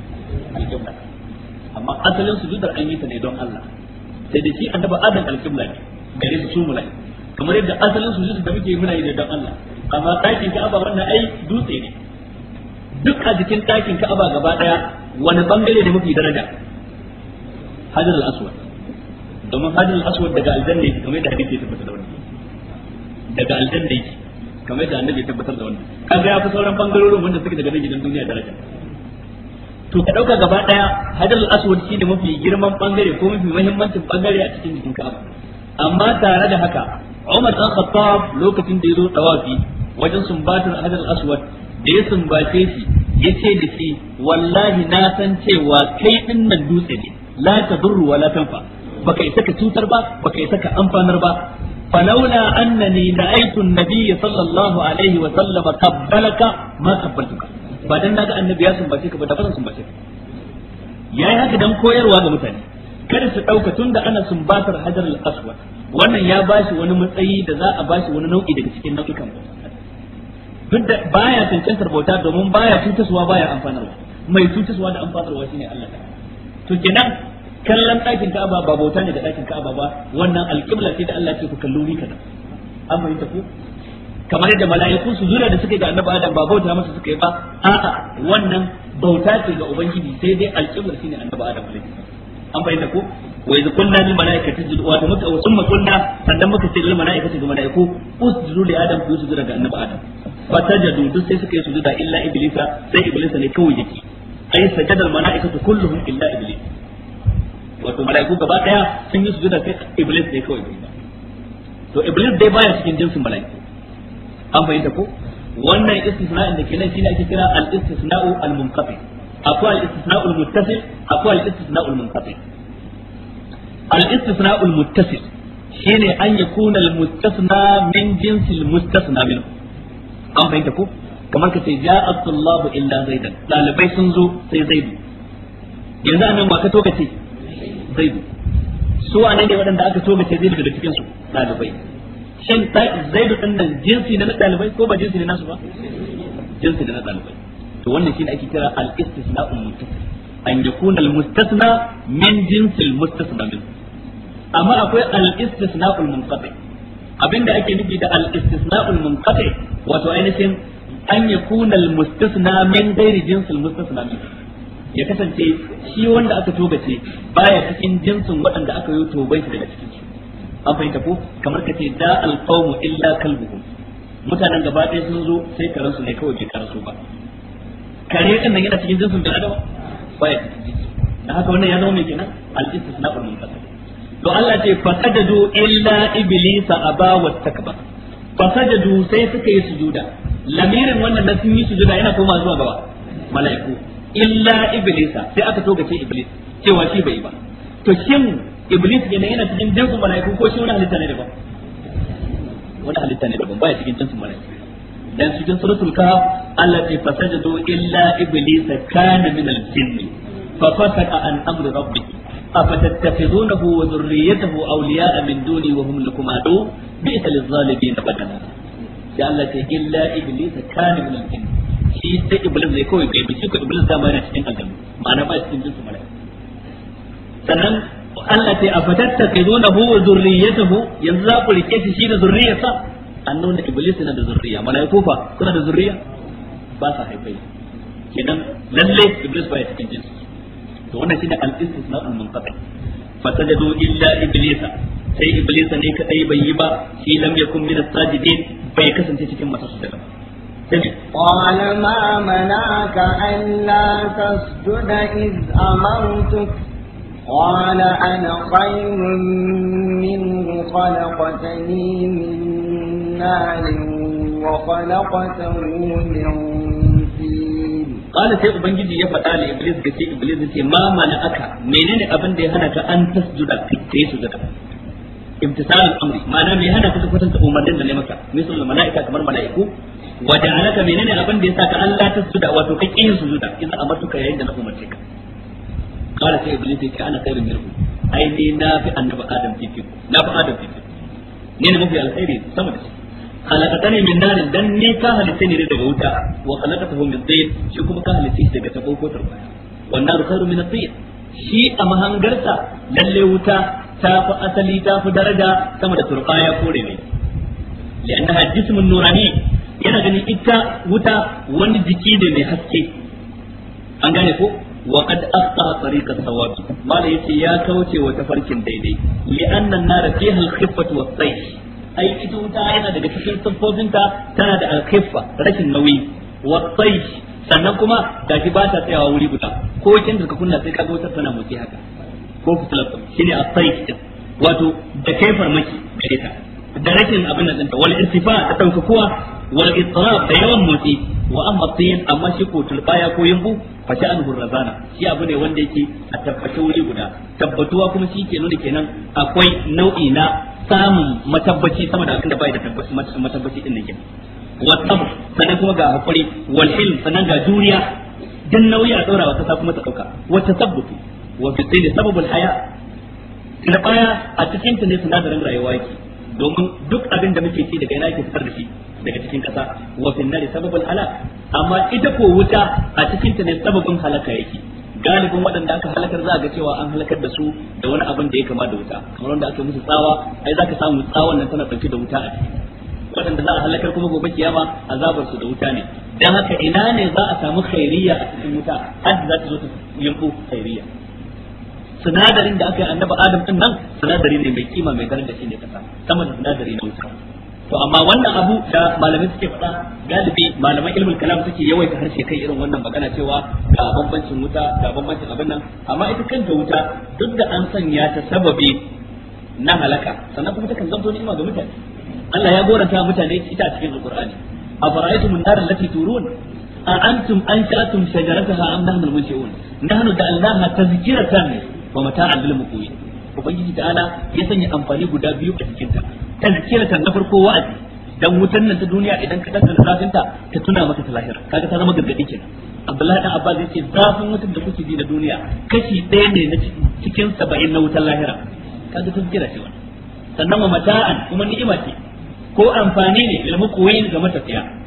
alƙibla amma asalin sujudar an yi ta ne don Allah sai da shi annabi Adam alƙibla ne gare su su kamar yadda asalin sujud da muke muna yi da dan Allah amma ka Ka'aba wannan ai dutse ne duk a jikin ɗakin Ka'aba gaba daya wani bangare da mafi daraja Hajar al-Aswad domin Hajar al-Aswad daga aljanna yake kamar yadda hadisi ya da wannan daga aljanna yake kamar yadda annabi ya tabbatar da wannan kaga ya fi sauran bangarorin wanda suke daga gidan duniya daraja to ka dauka gaba daya Hajar al-Aswad shi ne mafi girman bangare ko mafi muhimmancin bangare a cikin jikin Ka'aba amma tare da haka Umar dan Khattab lokacin da yazo tawafi wajen sumbatar Hajar aswad da ya sumbace shi yace da shi wallahi na san cewa kai din nan dutse ne la tadurru wa la tanfa baka isa ka cutar ba baka isa ka amfanar ba فلولا أنني رأيت النبي صلى الله عليه وسلم قبلك ما قبلتك بعدين نجا النبي ya sumbace ka ba da ba sumbace ka yayi haka dan koyarwa ga mutane kada su dauka da ana sumbatar hajar al-aswad wannan ya ba shi wani matsayi da za a ba shi wani nau'i daga cikin nau'ikan duk da baya cancantar bauta domin baya tutaswa baya amfanarwa mai tutaswa da amfanarwa shine Allah to kenan kallon ɗakin Ka'aba ba bauta ne da ɗakin Ka'aba ba wannan alƙibla ce da Allah ce ku kallo ni kaza an fahimta ku kamar yadda mala'iku su zura da suka ga annabi Adam ba bauta masa suka yi ba a'a wannan bauta ce ga ubangiji sai dai alƙibla shine annabi Adam alaihi an fahimta ko wa idh kunna lil malaikati isjudu wa tamaka wa thumma qulna sannan muka ce lil malaikati ga malaiku usjudu li adam ku sujuda ga annabi adam fa tajadu duk sai suka yi sujuda illa iblis sai iblis ne kawai yake ai sajadal malaikatu kulluhum illa iblis wato malaiku gaba daya sun yi sujuda sai iblis ne kawai yake to iblis dai baya cikin jinsin malaiku an fahimta ko wannan istisna'in da ke nan shine ake kira al-istisna'u al-munqati akwai al-istisna'ul muttasil akwai al-istisna'ul munqati al-istisna'ul muttasil shine an yakuna al-mustasna min jinsil mustasna minhu an bayyana ko kamar ka ce ja'a sallahu illa zaidan dalibai sun zo sai zaidu yanzu anan ba ka to ka ce zaidu su wane ne waɗanda aka so mace zaidu daga cikin su ɗalibai shin zaidu ɗin nan jinsi ne ɗalibai ko ba jinsi ne nasu ba jinsi na ɗalibai to wannan shine ake kira al istisna'u muttasil an yakuna al mustasna min jinsil mustasna min amma akwai al istisna'ul munqati abinda ake nufi da al istisna'ul munqati wato ainihin an yakuna al mustasna min ghairi jinsil mustasna min ya kasance shi wanda aka tobace baya cikin jinsin waɗanda aka yi tobai daga cikin an fahimta ko kamar ka ce da alqawmu illa kalbuhum mutanen gaba ɗaya sun zo sai karansu ne kawai bai karansu ba kare kan nan yana cikin jinsin bil adama baya cikin da haka wannan ya zama mai kenan al istisna'ul munqati to Allah ce fasajadu illa iblisa aba fa fasajadu sai suka yi sujuda lamirin wannan da sun yi sujuda yana koma zuwa gaba mala'iku illa iblisa sai aka toga ce iblis cewa shi bai ba to shin iblis ne yana cikin jinsin mala'iku ko shi wani halitta ne daban wani halitta ne daban baya cikin jinsin mala'iku dan cikin suratul kahf allati fasajadu illa iblis kana min al-jinn fa fasaka an amri rabbih afatattakhidunahu wa dhurriyyatahu awliya'a min duni wa hum lakum adu bi'sa lil-zalimin badala sai Allah ce illa iblis kana min al-jinn shi sai iblis zai kawai bai bi shi ko iblis da ma cikin aljanna ma'ana ba cikin jinsu mala'ika sannan Allah yanzu za ku rike shi da zurriyarsa an nuna iblis yana da zurriya mala'iku fa suna da zurriya ba sa haifai kenan lalle iblis ba ya cikin jinsu to wannan shine al-istisna al-munqati fasajadu illa iblisa sai iblisa ne kadai bai yi ba shi lam yakun min as-sajidin bai kasance cikin masu sujada قال ما منعك ألا تسجد إذ أمرتك قال أنا خير منه خلقتني من نار وخلقته من طين قال سي ubangiji ya faɗa da iblis ga ce iblis ce ma na aka menene abin da ya hana ka an tasjuda kai su zaka imtisal al-amri ma'ana me hana ka kwatanta umarnin da ne maka misal malaika kamar malaiku wa ja'alaka menene abin da ya saka Allah tasjuda wato kai kin sujuda idan yayin da na umarce ka خير منه اي دي نافي ان ابو ادم فيك نافي ادم ne ني نمو في الخير khalaqatani min narin dan ni ka halitta ni daga wuta wa khalaqatahu min tin shi kuma ka halitta shi daga tabo ko turbaya wannan khairu min tin shi a mahangarsa lalle wuta ta fi asali ta fi daraja sama da turbaya ko rene li'annaha jismun nurani yana ganin ita wuta wani jiki ne mai haske an gane ko wa qad aqta tariqa sawab mala yace ya kauce wa tafarkin daidai li'anna an-nara fiha al-khiffatu was-sayf ai ita wuta yana daga cikin siffofinta tana da alkhiffa rashin nauyi wa sannan kuma gashi ba ta tsayawa wuri guda ko kin da ka kunna sai ka ga tana motsi haka ko fitilar shine as-sayf wato da kai farmaki gare ta da rashin abin nan ɗinta wal irtifa da kuwa? wal istirab da yawan motsi wa amma tin amma shi ko tulbaya ko yimbu fa sha'an hurrazana shi abu ne wanda yake a tabbace wuri guda tabbatuwa kuma shi ke nuna kenan akwai nau'i na samun matabbaci sama da abinda bai da matabbaci din nan kenan wa wasabu sannan kuma ga hakuri wal hil sannan ga juriya din nauyi a daura wata ta kuma ta dauka wata sabbutu wa fi sayyid sababul haya da baya a cikin ta ne sinadarin rayuwa yake domin duk abin da muke ci daga yana yake fitar da shi daga cikin kasa wa fi nari sababul halak amma ita ko wuta a cikin ta ne sababin halaka yake galibin waɗanda aka halakar za a ga cewa an halakar da su da wani abin da ya kama da wuta kamar wanda aka musu tsawa ai za ka samu tsawon nan tana ɗauke da wuta a ciki waɗanda za a halakar kuma gobe kiyama azabar su da wuta ne dan haka ina ne za a samu khairiyya a cikin wuta har za ta zo ta yanko khairiyya sinadarin da aka yi annabi adam din nan sinadari ne mai kima mai daraja shi ne kasa sama da sinadari na wuta to amma wannan abu da malamai suke faɗa galibi malaman ilmin kalam suke yawaita harshe kai irin wannan magana cewa ga bambancin wuta ga bambancin abin nan amma ita kanta wuta duk da an sanya ta sababi na halaka sannan kuma takan zanto ni'ima ga mutane Allah ya goranta mutane ita a cikin alqur'ani afara'aytum an-nar allati turun a antum ansha'tum shajarataha am nahnu al-munshi'un nahnu da'alnaha tazkiratan wa mata'an lil muqwin ubangiji ta'ala ya sanya amfani guda biyu a cikin ta tazkiratan na farko wa'azi dan wutan nan ta duniya idan ka danka zafin ta ta tuna maka ta lahira kaga ta zama gargadi kenan Abdullahi dan Abbas yace zafin wutan da kuke ji na duniya kashi ɗaya ne na cikin 70 na wutan lahira kaga tazkira ce wannan sannan mata'an kuma ni'ima ce ko amfani ne ilmu koyi ga matafiya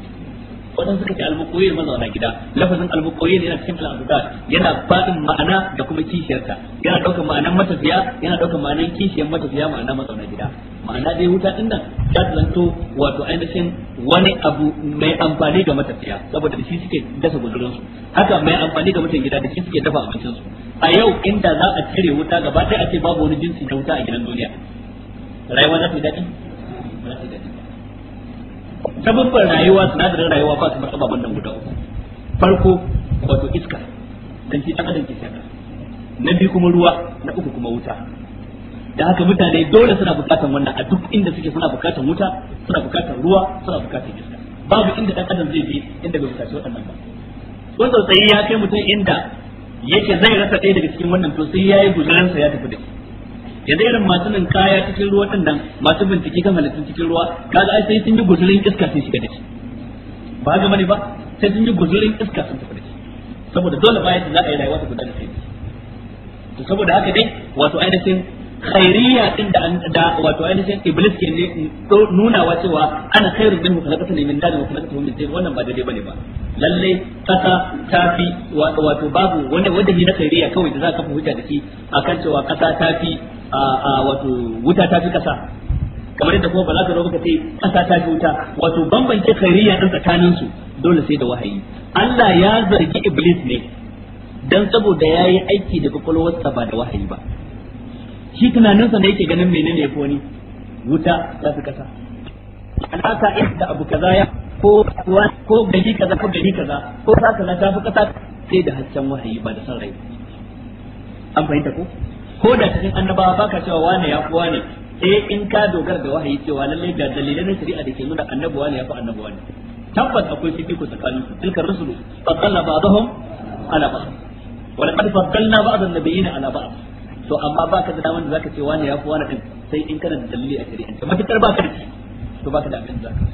wadanda suka ce almuqayyir mazauna gida lafazin almuqayyir yana cikin al'adudat yana fadin ma'ana da kuma kishiyarta yana daukar ma'anan matafiya yana daukar ma'anan kishiyar matafiya ma'ana mazauna gida ma'ana dai wuta din nan ta zanto wato ainihin wani abu mai amfani ga matafiya saboda da shi suke dasa gudurin haka mai amfani ga mutan gida da shi suke dafa abincin su a yau inda za a cire wuta gaba ɗaya a ce babu wani jinsi da wuta a gidan duniya rayuwa za ta yi daɗi sabubban rayuwa sinadarin rayuwa ba su matsaba wannan guda uku farko wato iska dan shi adam ke shaka na biyu kuma ruwa na uku kuma wuta da haka mutane dole suna bukatan wannan a duk inda suke suna bukatan wuta suna bukatan ruwa suna bukatan iska babu inda dan adam zai je inda bai bukaci waɗannan ba wanda sai ya kai mutum inda yake zai rasa ɗaya daga cikin wannan to sai yi guzuransa ya tafi da shi yanzu irin masu nan kaya cikin ruwa tun nan masu bincike kan halittun cikin ruwa kaga ai sai sun yi guzurin iska sun shiga da shi ba ga bane ba sai sun yi guzurin iska sun tafi da shi saboda dole ba yadda za a yi rayuwa ta da shi to saboda haka dai wato ainihin khairiyya din da da wato ainihin iblis ke ne wa cewa ana khairu min khalaqata ne min dalil khalaqata min sai wannan ba daidai bane ba lalle kasa tafi wato babu wanda wanda ne na khairiyya kawai da za ka fi da shi akan cewa kasa tafi. a wato wuta ta fi kasa kamar yadda kuma ba za ka zo ka ce kasa ta fi wuta wato bambance khairiyya din tsakanin su dole sai da wahayi Allah ya zargi iblis ne dan saboda yayi aiki da kwakwalwarsa ba da wahayi ba shi tunaninsa da yake ganin menene ko ni wuta ta fi kasa ana sa da abu kaza ya ko ko gari kaza ko gari kaza ko sa ta fi kasa sai da hasken wahayi ba da san rai an fahimta ko ko da cikin annabawa baka cewa wane ya kuwa ne sai eh, in ka dogara da wahayi cewa lallai ga dalilan na shari'a da ke nuna annabi wane ya fi annabi wane tabbas akwai ko tsakanin su tilka rusulu fadalla ba'dahum ala ba'd wa laqad faddalna ba'd an-nabiyina ala ba'd to amma baka da daman da zaka ce wane ya fi wane din sai in kana da dalili a shari'a matakar baka da to baka da abin zaka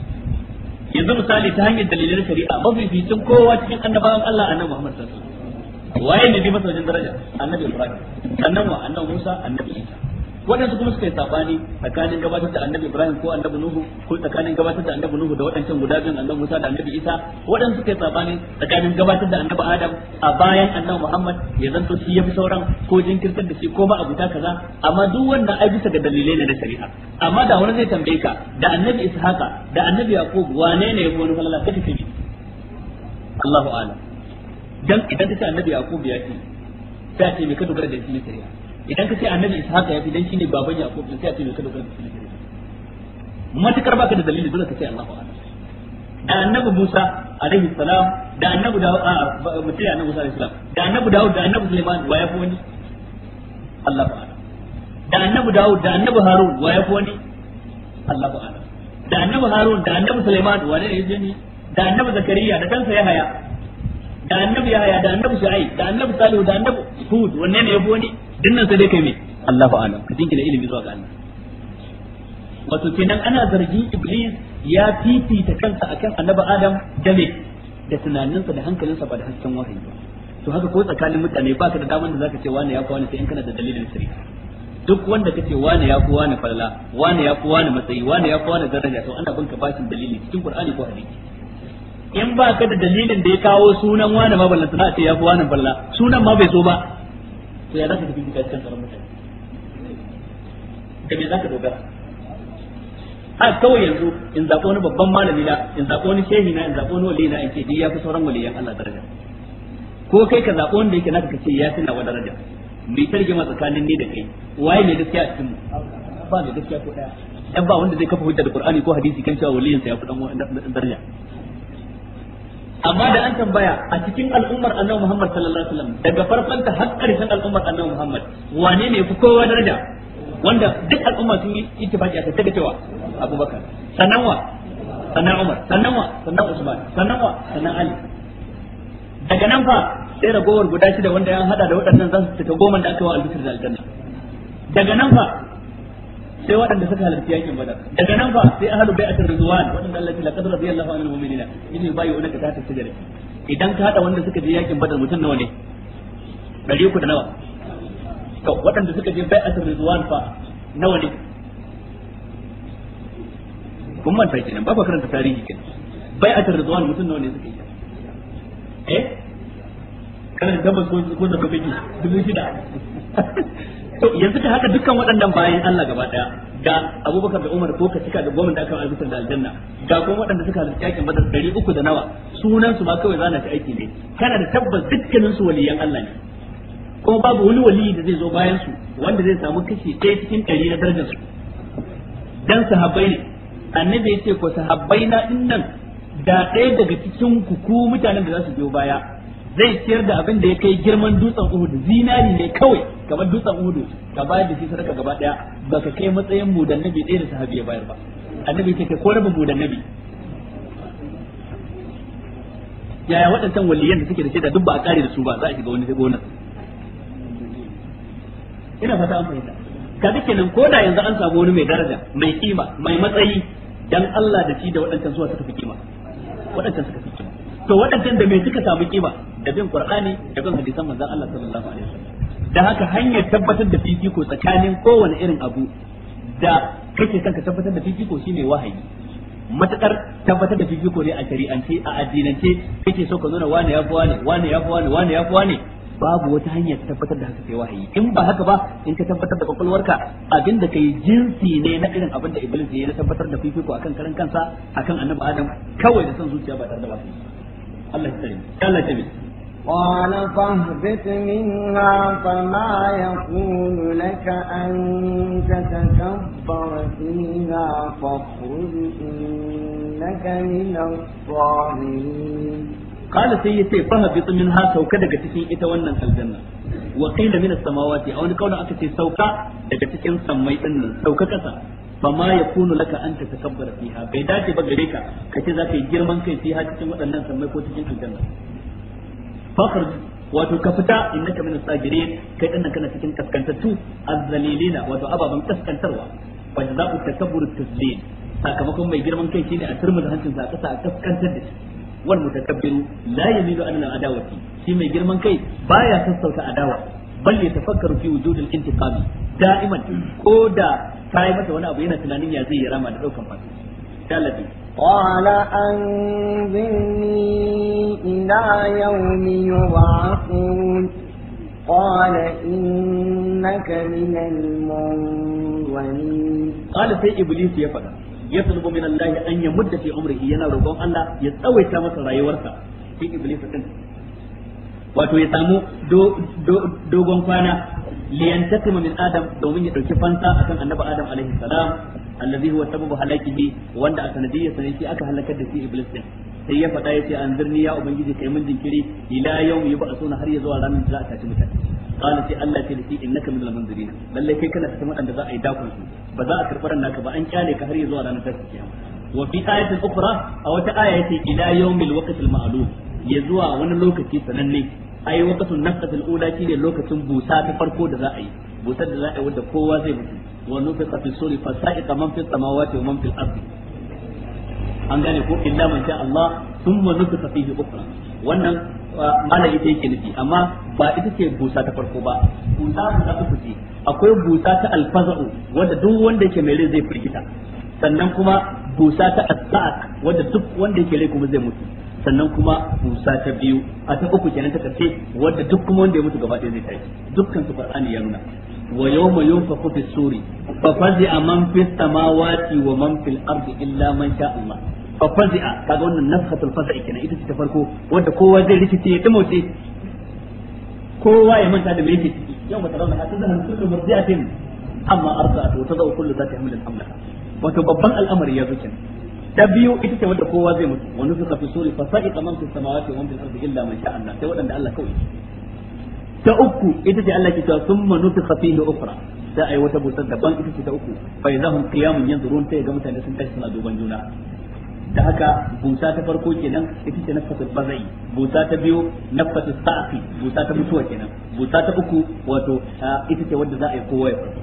yanzu misali ta hanyar dalilan shari'a mafificin kowa cikin annabawan Allah annabi Muhammad sallallahu alaihi wasallam waye ne bi masa wajen daraja annabi ibrahim annabi annabi musa annabi isa waɗansu kuma suka yi sabani tsakanin gabatar da annabi ibrahim ko annabi nuhu ko tsakanin gabatar da annabi nuhu da waɗancan guda biyun annabi musa da annabi isa waɗansu suka yi sabani tsakanin gabatar da annabi adam a bayan annabi muhammad ya zanto shi yafi sauran ko jinkirtar da shi ko ma abuta kaza amma duk wannan ai bisa ga dalilai ne na shari'a amma da wani zai tambaye ka da annabi ishaqa da annabi yaqub wane ne ya fi wani falala kace ce Allahu a'lam dan idan ce annabi yaqub ya ce sai a ce me ka dogara da shi shari'a idan ce annabi ishaq ya fi dan shine baban yaqub sai a ce me ka dogara da shi ne shari'a matukar baka da dalili dole ka ce Allahu a'lam da annabi Musa alaihi salam da annabi da mutai annabi Musa alaihi salam da annabi Dawud da annabi Sulaiman wa ya wani Allah ba'ala da annabi Dawud da annabi Harun wa ya wani Allah ba'ala da annabi Harun da annabi Sulaiman wa ne yaje ni da annabi Zakariya da kansa haya da annabi yaya da annabi shu'aib da annabi salihu da annabi hud wanne ne yabo ne dinnan sai dai kai me Allahu a'lam ka dinki da ilimi zuwa ga Allah wato kenan ana zargin iblis ya fifita kansa akan annabi adam da me da tunaninsa da hankalinsa ba da hasken wahayi ba to haka ko tsakanin mutane ba ka da daman da zaka ce wani ya fi wani sai in kana da dalilin sirri duk wanda kace wani ya fi wani falala wani ya fi wani matsayi wani ya fi wani daraja to ana binka bashin dalili cikin qur'ani ko hadisi in ba ka da dalilin da ya kawo sunan wani ma ballanta na ce ya fi wani balla sunan ma bai so ba to ya za ka tafi cikin tsaron mutane da me za ka dogara a kawai yanzu in zaɓo wani babban malami na in zaɓo wani shehi na in zaɓo wani wali na in ce ya fi sauran waliyan Allah daraja ko kai ka zaɓo wanda yake naka ce ya fi nawa daraja mai ma tsakanin ni da kai waye mai gaskiya a cikin mu ba mai gaskiya ko ɗaya. ɗan ba wanda zai kafa hujjar Qur'ani ko hadisi kan cewa waliyin ya fi dan daraja amma da an tambaya a cikin al'ummar annabi Muhammad sallallahu alaihi wasallam daga farkon ta har karshen al'ummar annabi Muhammad wane ne ku kowa daraja wanda duk al'umma sun yi ittifaqi a kai cewa Abubakar sannan wa sannan Umar sannan wa sannan Usman sannan wa sannan Ali daga nan fa sai ragowar guda shida wanda ya hada da waɗannan za su ta goma da aka wa albishir da aljanna daga nan fa sai waɗanda suka halarci yakin badar daga nan ba sai ahlul bai'atir ridwan waɗanda Allah ya laqad radiyallahu anil mu'minina in yubayi'una ka ta shajara idan ka hada wanda suka je yakin badar mutum nawa ne dari da nawa to waɗanda suka je bai'atir ridwan fa nawa ne kun fahimci kenan ba ba karanta tarihi kin bai'atir ridwan mutun nawa ne suka yi eh kana tabbas ko ko da kafiki dubu shida to yanzu ta haka dukkan waɗannan bayan Allah gaba daya ga Abubakar da Umar ko ka cika da gwamnati da aka albitar da aljanna ga kuma waɗanda suka halarci yakin badar ɗari uku da nawa sunansu su ma kawai zana ta aiki ne kana da tabbas dukkanin su waliyan Allah ne kuma babu wani wali da zai zo bayan su wanda zai samu kashi ɗaya cikin ɗari na darajar su dan sahabbai ne annabi ya ce ko sahabbai na dinnan da ɗaya daga cikin ku ku mutanen da za su biyo baya zai ciyar da abin da ya kai girman dutsen Uhud zinari ne kawai kamar dutsen Uhud ka bayar da shi sadaka gaba daya baka kai matsayin mu da nabi ɗaya da sahabi ya bayar ba annabi ce ko rabin mu da nabi yaya waɗancan waliyan da suke da shaida duk ba a kare da su ba za a shiga wani gona ina fata an fahimta kaga nan ko da yanzu an samu wani mai daraja mai kima mai matsayi dan Allah da shi da waɗancan suwa suka fi kima waɗancan suka fi kima to waɗancan da mai suka samu kima da bin qur'ani da bin hadisan manzon Allah sallallahu alaihi wasallam da haka hanyar tabbatar da fifiko tsakanin kowane irin abu da kake kanka ka tabbatar da fifiko shine wahayi matakar tabbatar da fifiko ne a shari'ance a addinance kake so ka nuna wani ya fi wani wani ya fi wani wani ya fi wani babu wata hanya ta tabbatar da haka sai wahayi in ba haka ba in ka tabbatar da kwakwalwarka abin da kai jinsi ne na irin abin da iblis ya na tabbatar da fifiko akan karan kansa akan annabi adam kawai da san zuciya ba tare da wahayi Allah ya tsare Allah ya tsare قال فاهبط منها فما يكون لك أن تتكبر فيها فاخرج إنك من الصاغرين قال سيدي فاهبط منها سوك daga cikin ita wannan aljanna wa qila samawa ce a wani ni aka ce sauka daga cikin sammai din nan sauka kasa fama yakunu laka an tatakabbara fiha bai dace ba gare ka ka kace zaka yi girman kai fiha cikin waɗannan sammai ko cikin aljanna fakhruj wato ka fita innaka min as kai dan kana cikin kaskantattu az-zalilina wato ababan kaskantarwa fa jazaa'u takabbur tazlil sakamakon mai girman kai shine a turmuda hancin sa kasa a kaskantar da shi wal mutakabbiru la yamilu an al shi mai girman kai baya sassauta adawa bal yatafakkaru fi wujud al-intiqami da'iman ko da kai wani abu yana tunanin ya zai yi rama da daukan fata قال أنظرني إلى يوم يبعثون قال إنك من المنظرين قال في إبليس يا فدا يطلب من الله أن يمد في عمره ينا ربما الله يتأوي تامس رايورسا في إبليس تنسى wato ya samu dogon kwana liyantakima min adam domin ya dauki fansa akan annabi adam alaihi salam allazi huwa sababu halakihi wanda a sanadiyya sanin shi aka halakar da shi iblis din sai ya faɗa yace anzirni ya ubangiji kai min jinkiri ila yawmi yub'athuna har ya zuwa ranar da za a tashi mutane qala sai Allah ce da shi innaka min al-munzirin lalle kai kana cikin wadanda za a yi dakon su ba za a karbar naka ba an kyale ka har ya zuwa ranar tashi kiyama wa fi ayatin ukhra a wata aya yace ila yawmil waqtil ma'lum ya zuwa wani lokaci sananne ai waqtun nafsatil ula shine lokacin busa ta farko da za a yi busar da za a yi wanda kowa zai mutu wa nufiqa fi suri fa sa'iqa man fis samawati wa man an gane ko illa man sha Allah thumma nufiqa fihi ukhra wannan ah, malai ita yake nufi amma ba ita ce busa ta farko ba busa ta uku ce akwai busa ta alfaza'u wanda duk wanda yake mai rai zai firgita sannan kuma busa ta as-sa'aq wanda duk wanda yake rai kuma zai mutu sannan kuma busa ta biyu a ta uku kenan ta karshe wanda duk kuma wanda ya mutu gaba ɗaya zai tashi dukkan su qur'ani ya nuna wa yawma yunfaqu fi suri fa fazi'a man fis samawati wa man fil illa man sha Allah fa fazi'a kaga wannan nafhatul faza'i kenan ita ce ta farko wanda kowa zai rikice ya dumoce kowa ya manta da me yake ciki yawma tarawna hatazan kullu murdi'atin amma arsa'at wa tadau kullu zati hamlin hamlaha wato babban al'amari ya zo ta biyu ita ce wanda kowa zai mutu wani suka fi suri fa sa'i kaman fi samawati Allah sai wadanda Allah ta uku ita ce Allah ke cewa sun manu fihi ukhra da yi wata busar daban ita ce ta uku kiyamun yanzu ruwan ta ga mutane sun tashi suna duban juna da haka busa ta farko kenan ita ce nafatul bazai busa ta biyu nafatul saafi busa ta mutuwa kenan busa ta uku wato ita ce wanda za a yi kowa ya farko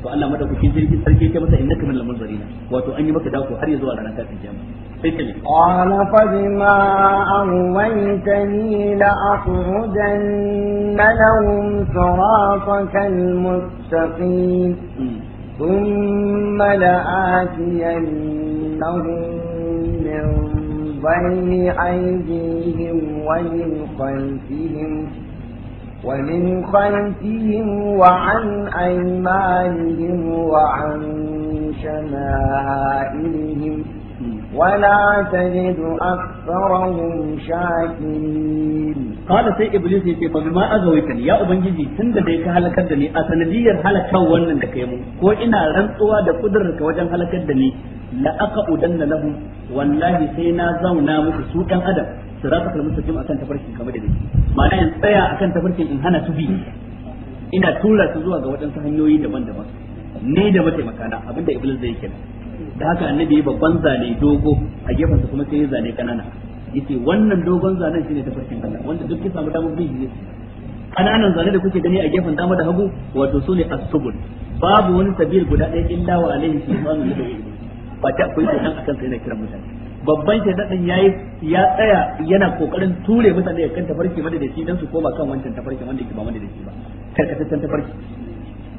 to Allah madaukakin sarki sarki ya masa innaka min lamurina wato an yi maka dako har ya zuwa ranar kafin kiyama قال فبما أغويتني لأقعدن لهم صراطك المستقيم ثم لآتينهم من بين أيديهم ومن خلفهم ومن خلفهم وعن أيمانهم وعن شمائلهم ولا تجد أكثرهم شاكرين قال سي إبليس ya فبما أزويتني يا أبن جيجي سند ديك هل كدني أتنبي هل كوانا لكيمو كو إنا رنطوا دا قدر كوجن هل كدني لأقعدن لهم والله سينا زونا مكسوكا أدب siratul mustaqim akan tafarkin kamar da nake ma'ana in tsaya akan tafarkin in hana su bi ina tura su zuwa ga waɗansu hanyoyi daban-daban ne da mataimakana abinda iblis zai kenan da haka annabi ya babban zane dogo a gefensa kuma sai ya zane kanana yace wannan dogon zanen shine tafarkin Allah wanda duk ya samu damar bin kananan zane da kuke gani a gefen dama da hagu wato sune as-subul babu wani sabil guda ɗaya illa wa alaihi shaytanu ya dawo ba ta akwai shaytan akan sai na kira mutane babban shaytan din yayi ya tsaya yana kokarin ture mutane kan tafarki mada da shi dan su koma kan wancan tafarki wanda ke ba madada da shi ba karkataccen tafarki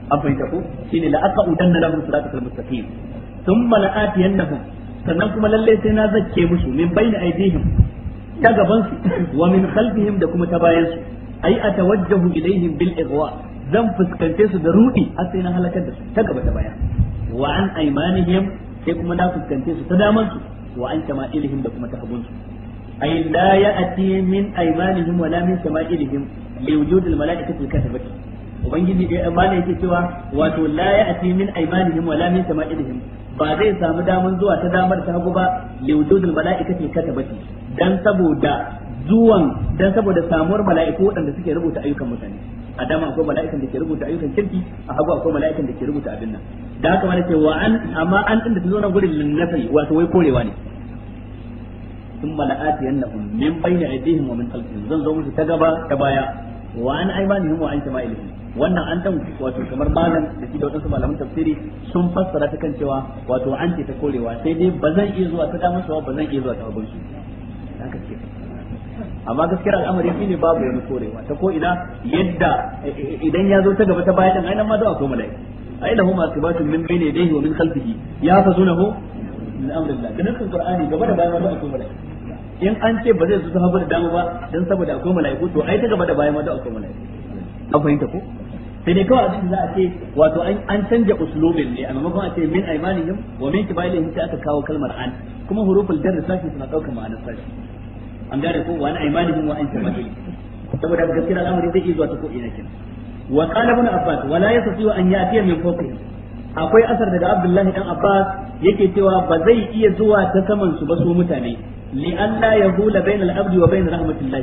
an fahimta ko shine la aqa'udanna lahum siratal mustaqim thumma la'atiyannahum sannan kuma lalle sai na zakke musu min bayna aydihim ta gaban su wa min khalfihim da kuma ta bayan su ai atawajjahu ilaihim bil igwa zan fuskance su da rudi har sai da su ta gaba ta baya wa an aymanihim sai kuma na su ta su wa an da kuma ta su min ubangiji da amana yake cewa wato la ya'ti min aymanihim wala min sama'ihim ba zai samu daman zuwa ta damar ta hagu ba liwdudul mala'ikati katabati dan saboda zuwan dan saboda samuwar mala'iku waɗanda suke rubuta ayyukan mutane a dama akwai mala'ikan da ke rubuta ayyukan kirki a hagu akwai mala'ikan da ke rubuta abin nan da haka mana ce wa an amma an din da ta zo na gurin linnafi wato wai korewa ne sun mala'ati yannahum min bayni aydihim wa min khalfihim zan zo musu ta gaba ta baya wa an aymanihim wa an shama'ilihim wannan an dan wato kamar malam da shi da wasu malaman tafsiri sun fassara ta kan cewa wato an ce ta korewa sai dai ba zan iya zuwa ta damar su ba zan iya zuwa ta hagun su haka ce amma gaskiyar al'amari shine babu yana korewa ta ko ina yadda idan ya zo ta gaba ta baya din ainihin ma zuwa ko mala'ika ai lahu ma sibatun min bayni yadayhi wa min khalfihi ya fazunahu min amrillah da nan qur'ani gaba da bayan ma zuwa ko mala'ika in an ce ba zai su haɓu da dama ba don saboda akwai mala'iku to ai ta gaba da baya ma da akwai mala'iku an fahimta ko sai ne kawai abin za a ce wato an canja uslubin ne a maimakon a ce min aimanihim wa min kibalihim sai aka kawo kalmar an kuma huruful da sashi suna daukar ma'anar sashi an gane ko wa an aimanihim wa an kibalihim saboda gaskiya al'amari zai iya zuwa ta ko ina kin wa qala ibn abbas wala yastati an ya'tiya min fawqihim akwai asar daga Abdullahi dan Abbas yake cewa ba zai iya zuwa ta saman su ba su mutane li alla yahula bainal abdi wa bain rahmatillah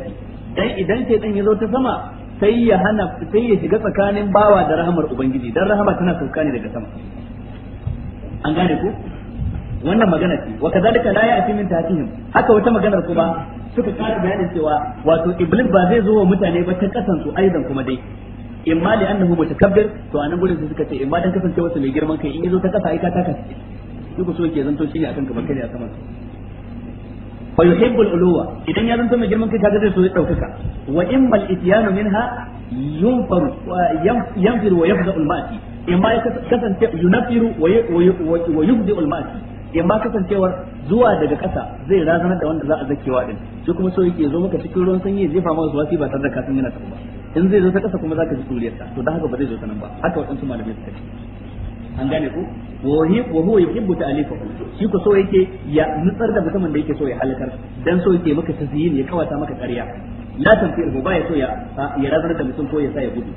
dan idan sai dan yazo ta sama sai ya hana sai ya shiga tsakanin bawa da rahmar ubangiji dan rahama tana sauka ne daga sama an gane ku wannan magana ce wa kadalika la ya'ti min tahtihim haka wata maganar ba suka kara bayanin cewa wato iblis ba zai zo wa mutane ba ta kasan su aidan kuma dai imma li annahu mutakabbir to anan gurin sai suka ce imma dan kasance wasu mai girman kai in yazo ta kasa ai ka taka shi ku so ke zanto shine akan kamar kai a saman fa yuhibbu al-uluwa idan ya zanto mai girman kai kaga zai so ya daukaka wa imma al-ityanu minha yunfar wa yanfir wa yafza al-ma'si imma ya kasance yunafiru wa yubdi al-ma'si in ba kasancewar zuwa daga ƙasa zai razanar da wanda za a zakewa din shi kuma so yake zo maka cikin ruwan sanyi zai fama wasi ba tare da ka san yana tafi ba in zai zo ta ƙasa kuma zaka ji kuriyarsa to dan haka ba zai zo ta nan ba haka waɗansu malamai suka ce an gane ku wa huwa yuhibbu ta'alifahu shi ko so yake ya nutsar da mutumin da yake so ya halakar dan so yake maka tazyin ya kawata maka ƙarya la tanfi'u ba ya so ya ya razanar da mutum ko ya sa ya gudu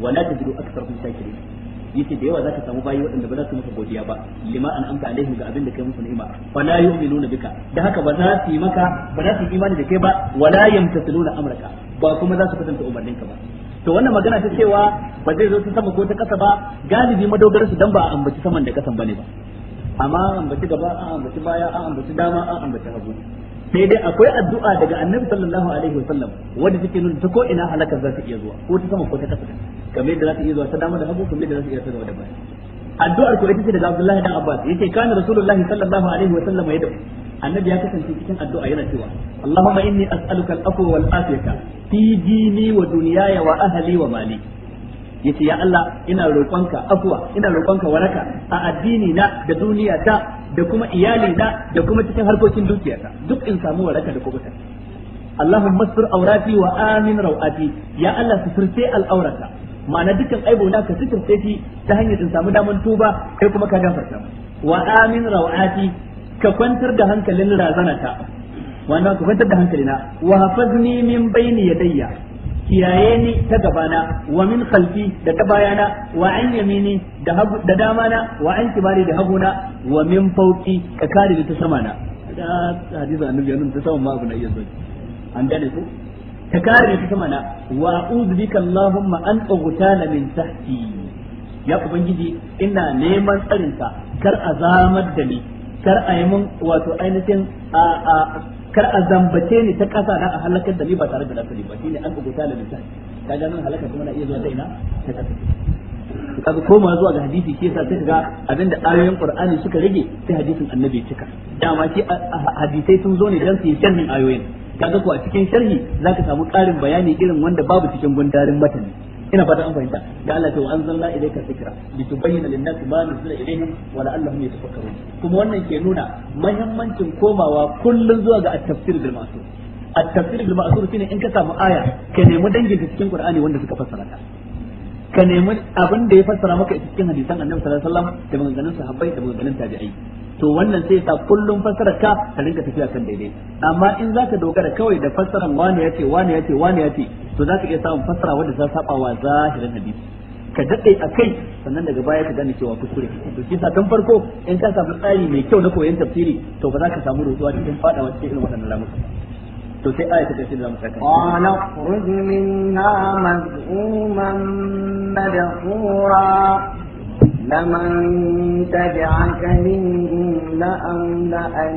wala tajidu min shakirin yace da yawa zaka samu bayi waɗanda ba za su maka godiya ba lima an amta alaihim ga abin da kai musu ni'ima fala yu'minuna bika da haka ba za su yi maka ba za su yi imani da kai ba wala yamtasiluna amraka ba kuma za su kasance umarninka ba to wannan magana ta cewa ba zai zo ta sama ko ta kasa ba galibi madogarar su dan ba a ambaci saman da kasan bane ba amma ambaci gaba a ambaci baya a ambaci dama a ambaci hagu sai dai akwai addu'a daga annabi sallallahu alaihi wasallam wanda take nuna ta ko ina halakar za ta iya zuwa ko ta sama ko ta kasa kamar yadda za ta iya zuwa ta dama da hagu kamar yadda za ta iya zuwa da baya addu'ar ko ita ce daga Abdullahi dan Abbas yace kana Rasulullahi sallallahu alaihi wasallam ya dawo annabi ya kasance cikin addu'a yana cewa Allahumma inni as'aluka al-afwa wal afiyata fi dini wa dunyaya wa ahli wa mali yace ya Allah ina roƙonka afwa ina roƙonka waraka a addini na da duniya ta da kuma iyali da da kuma cikin harkokin dukiyata duk in samu waraka da kubuta Allahumma sur aurati wa amin ya Allah suturce al'aurata ma'ana dukkan aibo ka suturce shi ta hanyar in samu daman tuba kai kuma ka gafarta wa amin ka kwantar da hankalin razanata wannan ka kwantar da hankalina wa hafazni min bayni yadayya kiyaye ni ta gabana wa min khalfi da ta bayana wa an yamini da hagu da damana wa an kibari da haguna wa min fauki ka kare ni ta samana da hadisin annabi annun ta sama ma abu na iya zuwa an gane ko ka kare ni ta sama na wa a'udhu bika allahumma an ughtala min tahti ya ubangiji ina neman tsarinka kar a zamar da ni kar a yi mun wato ainihin a kar a zambace ni ta kasa dan a halakar da ni ba tare da lafiya ba shine an kubuta da lisan ga nan halaka kuma na iya zuwa daina ta kasa ga koma zuwa ga hadisi shi yasa sai ga abinda ayoyin qur'ani suka rage sai hadisin annabi cika dama shi hadisai sun zo ne dan su yi sharhin ayoyin kaga ko a cikin sharhi zaka samu karin bayani irin wanda babu cikin gundarin matan ina fatan an fahimta da Allah ta wa anzalna ilayka dhikra litubayyana lin-nas ma nuzila ilayhim wa la'allahum yatafakkarun kuma wannan ke nuna muhimmancin komawa kullun zuwa ga at-tafsir bil ma'sur at-tafsir bil ma'sur shine in ka samu aya ka nemi danginta cikin Qur'ani wanda suka fassara ta ka nemi abin da ya fassara maka cikin hadisan Annabi sallallahu alaihi wasallam da maganganun sahabbai da maganganun tabi'ai to wannan sai sa kullum fassarar ka ka rinka tafiya kan daidai amma in zaka dogara kawai da fassarar wani ya ce wani ya ce wani ya ce to zaka iya samun fassara wanda za saba wa zahirin hadisi ka dade a kai sannan daga baya ka gane cewa kuskure to shi sa tun farko in ka samu tsari mai kyau na koyon tafsiri to ba za ka samu rutuwa cikin fadawa cikin irin wannan ramuka to sai aya ta tafsiri da mu qala khruj minna maz'uman madhura لمن تبعك منهم لأملأن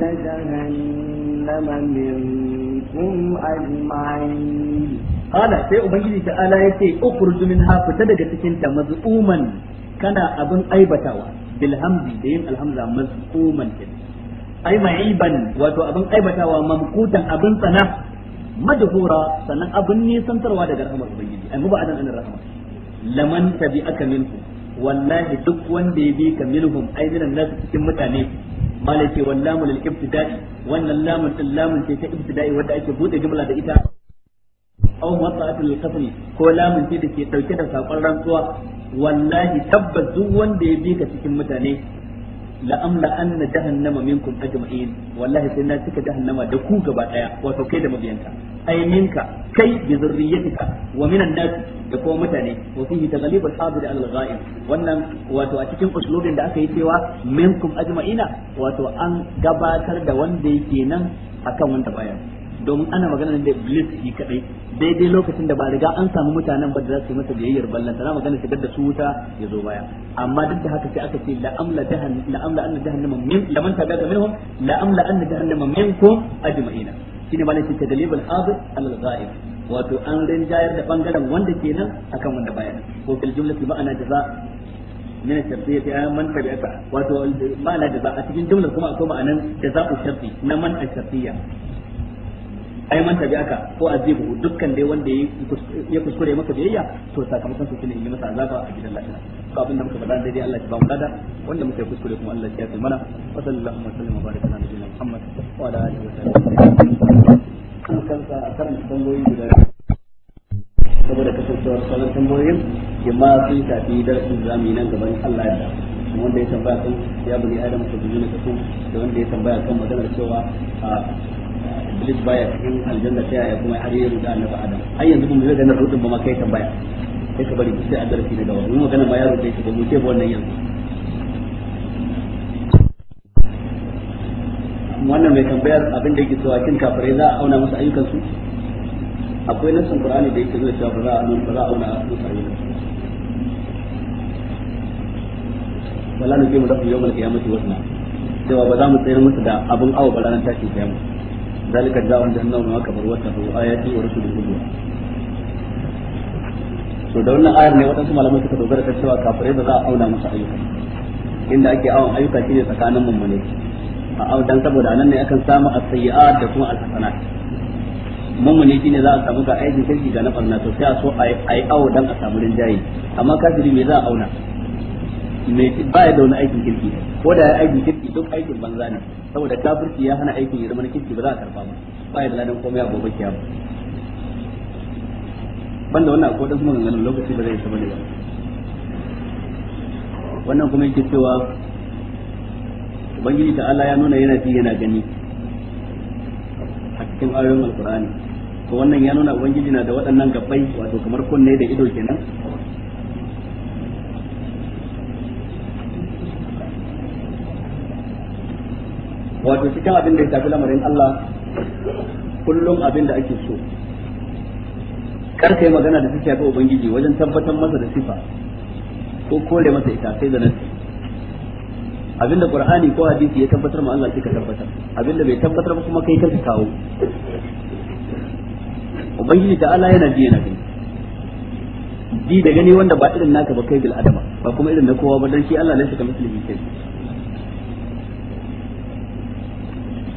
جهنم منكم أجمعين قال sai ubangiji ta ala ya ce ukhruj minha fita daga cikin ta mazmuman kana abin aibatawa bil hamzi da yin alhamza mazmuman kin ai ma'iban wato abin aibatawa mamkutan abin tsana madhura sannan abin nisantarwa daga rahmar ubangiji ai mubadan laman wallahi duk wanda ya bi ka minhum ay minan nas cikin mutane malai ce lil ibtida'i wannan lamun din lamun ce ta ibtida'i wanda ake bude jumla da ita aw mata'at lil qasri ko lamun ce da ke dauke da sakon rantsuwa wallahi tabbas duk wanda ya bi ka cikin mutane la amla anna jahannama minkum ajma'in wallahi sai na cika jahannama da ku gaba daya wato kai da mabiyanka ai minka kai bi zurriyyatika wa minan nas da kuma mutane wa fihi taghlibul hadir ala al-ghaib wannan wato a cikin uslubin da aka yi cewa minkun ajma'ina wato an gabatar da wanda yake nan akan wanda baya domin ana magana da iblis shi kadai daidai lokacin da ba riga an samu mutanen ba da za su yi masa biyayyar ballanta na magana shigar da su wuta ya zo baya amma duk da haka sai aka ce la amla jahan la amla anna jahannama min laman tabi'a minhum la amla anna jahannama minkum ajma'ina shine ta tadlibul habit alal ghaib wato an rinjayar da bangaren wanda kenan akan wanda baya ko fil jumlati ma'ana jaza من الشرطية من تبعك وما لا جزاء أتجن جملة كما أكو معنى جزاء الشرطي نمن الشرطية ai man tabi aka ko azibu dukkan dai wanda ya kuskure maka biyayya to sakamakon su ne yi masa azaba a gidan lafiya ko abinda muka faɗa dai Allah ya ba mu dada wanda muka yi kuskure kuma Allah ya yafe mana wa sallallahu wa sallam wa baraka ala Muhammad wa ala alihi wa sallam kansa a kan tambayoyi guda saboda kasancewar sauran tamboyin amma sun shafi darasin zamu nan gaban Allah ya wanda ya tambaya kan ya bani adam ka bijuna ka da wanda ya tambaya kan maganar cewa iblis baya cikin aljanna ta yaya kuma har ya ruda annabi adam ai yanzu mun ga da rudin ba ma kai tambaya sai ka bari sai a darasi na gaba mun magana ma rubuta shi ba mu ce ba wannan yanzu wannan mai tambayar abin da yake cewa kin kafirai za a auna musu ayyukan su akwai nassin qur'ani da yake cewa ba za a auna ba za a auna musu ayyukan su wala nuke mu da yawmal qiyamati wasna cewa ba za mu tsayar musu da abun awo ba ranar tashin kiyama ذلك جزاء جهنم ما كفر واتقوا آياتي ورسله كلها to da wannan ayar ne waɗansu malamai suka dogara ta cewa kafirai ba za a auna musu ayyuka inda ake awon ayyuka shine tsakanin mummune a dan saboda nan ne akan samu as-sayyi'at da kuma al-hasanat mummune shine za a samu ga aikin kirki ga na barna to sai a so ai awo dan a samu rinjaye amma kafiri me za a auna me ba ya da wani aikin kirki ko da ya aikin kirki duk aikin banza ne saboda kafirci ya hana aikin ya zama na kirki ba za a karba ba ba ya zanen komai a gobe kiyama banda wannan akwai wadansu maganganun lokaci ba zai saba ne ba wannan kuma yake cewa ubangiji ta Allah ya nuna yana fi yana gani a cikin ayoyin alkur'ani to wannan ya nuna ubangiji na da waɗannan gabbai wato kamar kunne da ido kenan wato cikin abin da ya tafi lamarin Allah kullum abin da ake so kar kai magana da suke abin ubangiji wajen tabbatar masa da sifa ko kore masa ita sai da nasi da qur'ani ko hadisi ya tabbatar ma Allah sai ka abin da bai tabbatar ba kuma kai kanka kawo ubangiji ta Allah yana ji yana gani ji da gani wanda ba irin naka ba kai bil adama ba kuma irin na kowa ba dan shi Allah ne shi ka musulmi kai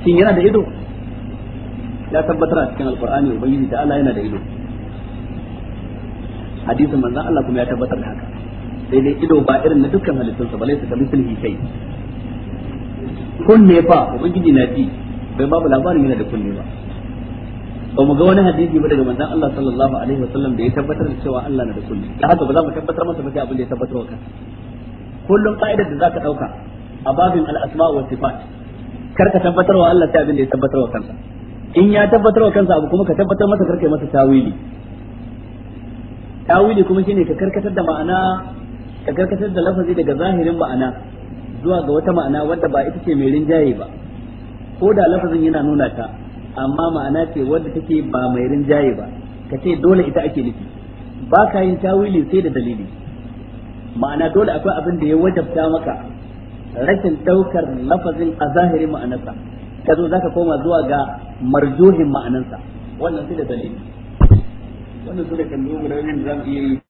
shin yana da ido ya tabbatar a cikin alkur'ani ubangiji da Allah yana da ido hadisin manzon Allah kuma ya tabbatar da haka sai dai ido ba irin na dukkan halittunsa ba laisa kamithlihi kai kunne fa ubangiji na ji bai babu labarin yana da kunne ba ba mu ga wani hadisi ba daga manzon Allah sallallahu alaihi wasallam da ya tabbatar da cewa Allah na da kunne haka ba za mu tabbatar masa ba sai abin da ya tabbatar wa kansa kullum ka'idar da zaka dauka a babin al-asma' wa sifat karka tabbatar wa Allah sai abin da ya tabbatar wa kansa in ya tabbatar kansa abu kuma ka tabbatar masa karka masa tawili tawili kuma shine ka karkatar da ma'ana ka karkatar da lafazi daga zahirin ma'ana zuwa ga wata ma'ana wadda ba ita ce mai rinjaye ba ko da lafazin yana nuna ta amma ma'ana ce wadda take ba mai rinjaye ba ka ce dole ita ake nufi ba ka yin tawili sai da dalili ma'ana dole akwai abin da ya wajabta maka rashin daukar lafazin a zahirin ma'anarsa ka zo zaka koma zuwa ga marjuhin ma'anarsa wannan su da dalili wannan su da nuna da zan iya yi